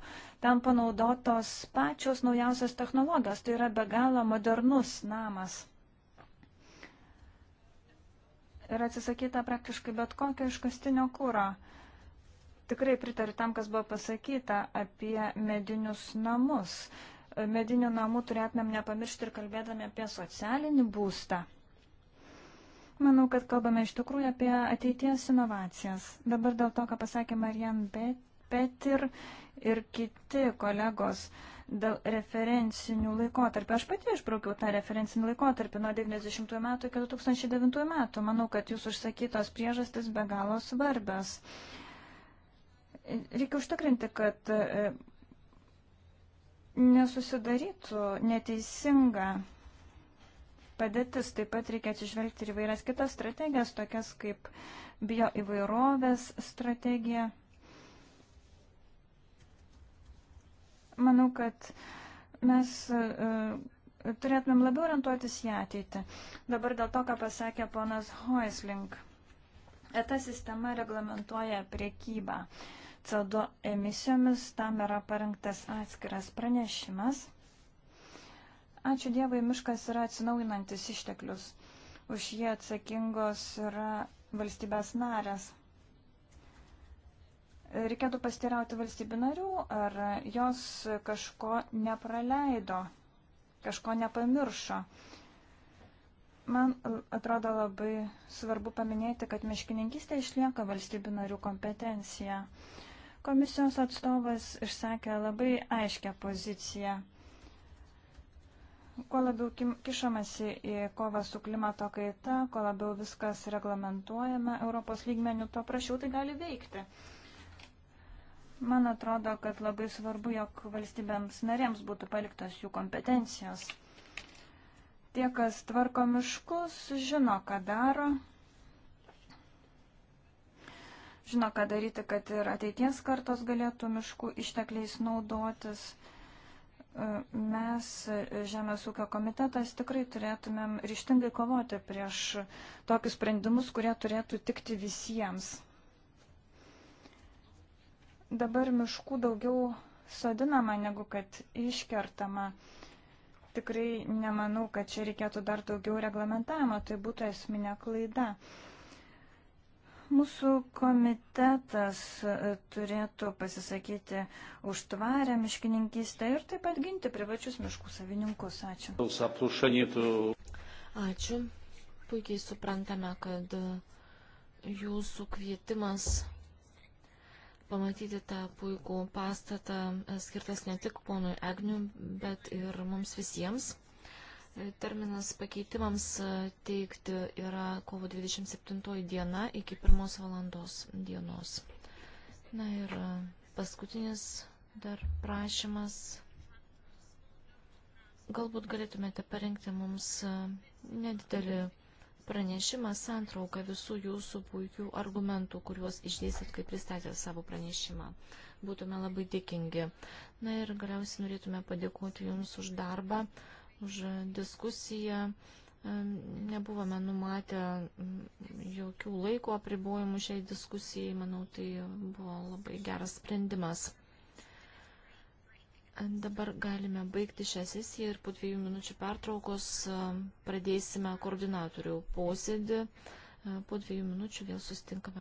Tam panaudotos pačios naujausios technologijos. Tai yra be galo modernus namas. Ir atsisakyta praktiškai bet kokio iškastinio kūro. Tikrai pritariu tam, kas buvo pasakyta apie medinius namus medinių namų turėtumėm nepamiršti ir kalbėdami apie socialinį būstą. Manau, kad kalbame iš tikrųjų apie ateities inovacijas. Dabar dėl to, ką pasakė Marian Petir ir kiti kolegos dėl referencinių laikotarpių. Aš pati išbraukiau tą referencinį laikotarpį nuo 90 metų iki 2009 metų. Manau, kad jūs užsakytos priežastis be galo svarbios. Reikia užtikrinti, kad nesusidarytų neteisinga padėtis. Taip pat reikia atsižvelgti ir vairias kitas strategijas, tokias kaip bio įvairovės strategija. Manau, kad mes uh, turėtumėm labiau orientuotis į ateitį. Dabar dėl to, ką pasakė ponas Hoisling. ETA sistema reglamentuoja priekybą. Uh, CO2 emisijomis, tam yra parinktas atskiras pranešimas. Ačiū Dievui, miškas yra atsinaujinantis išteklius. Už jie atsakingos yra valstybės narės. Reikėtų pastirauti valstybių narių, ar jos kažko nepraleido, kažko nepamiršo. Man atrodo labai svarbu paminėti, kad miškininkistė išlieka valstybių narių kompetencija. Uh, Komisijos atstovas išsakė labai aiškę poziciją. Kuo labiau kišamasi į kovą su klimato kaita, kuo labiau viskas reglamentuojama Europos lygmenių, tuo prašiau tai gali veikti. Man atrodo, kad labai svarbu, jog valstybėms narėms būtų paliktos jų kompetencijos. Tie, kas tvarko miškus, žino, ką daro, žino, ką daryti, kad ir ateities kartos galėtų miškų ištekliais naudotis. E, mes, e, Žemės ūkio komitetas, tikrai turėtumėm ryštingai kovoti prieš tokius sprendimus, kurie turėtų tikti visiems. Dabar miškų daugiau sodinama, negu kad iškertama. Tikrai nemanau, kad čia reikėtų dar daugiau reglamentavimo, tai būtų esminė klaida. Uh, Mūsų komitetas e, turėtų pasisakyti už tvarę miškininkystę ir taip pat ginti privačius miškų savininkus. Ačiū. Ačiū. Puikiai suprantame, kad jūsų kvietimas pamatyti tą puikų pastatą skirtas ne tik ponui Egniu, bet ir mums visiems. Terminas pakeitimams e, teikti yra kovo 27 diena iki 1 valandos dienos. Na ir e, paskutinis dar prašymas. Galbūt galėtumėte parengti mums e, nedidelį pranešimą, santrauką visų jūsų puikių argumentų, kuriuos išdėsit, kai pristatėt savo pranešimą. Būtume labai dėkingi. Na ir galiausiai norėtume padėkoti Jums už darbą, už diskusiją. Nebuvome numatę mm, jokių laiko apribojimų šiai diskusijai. Manau, tai buvo labai geras sprendimas. Dabar galime baigti šią sesiją ir po dviejų minučių pertraukos pradėsime koordinatorių posėdį. Po dviejų minučių vėl sustinkame.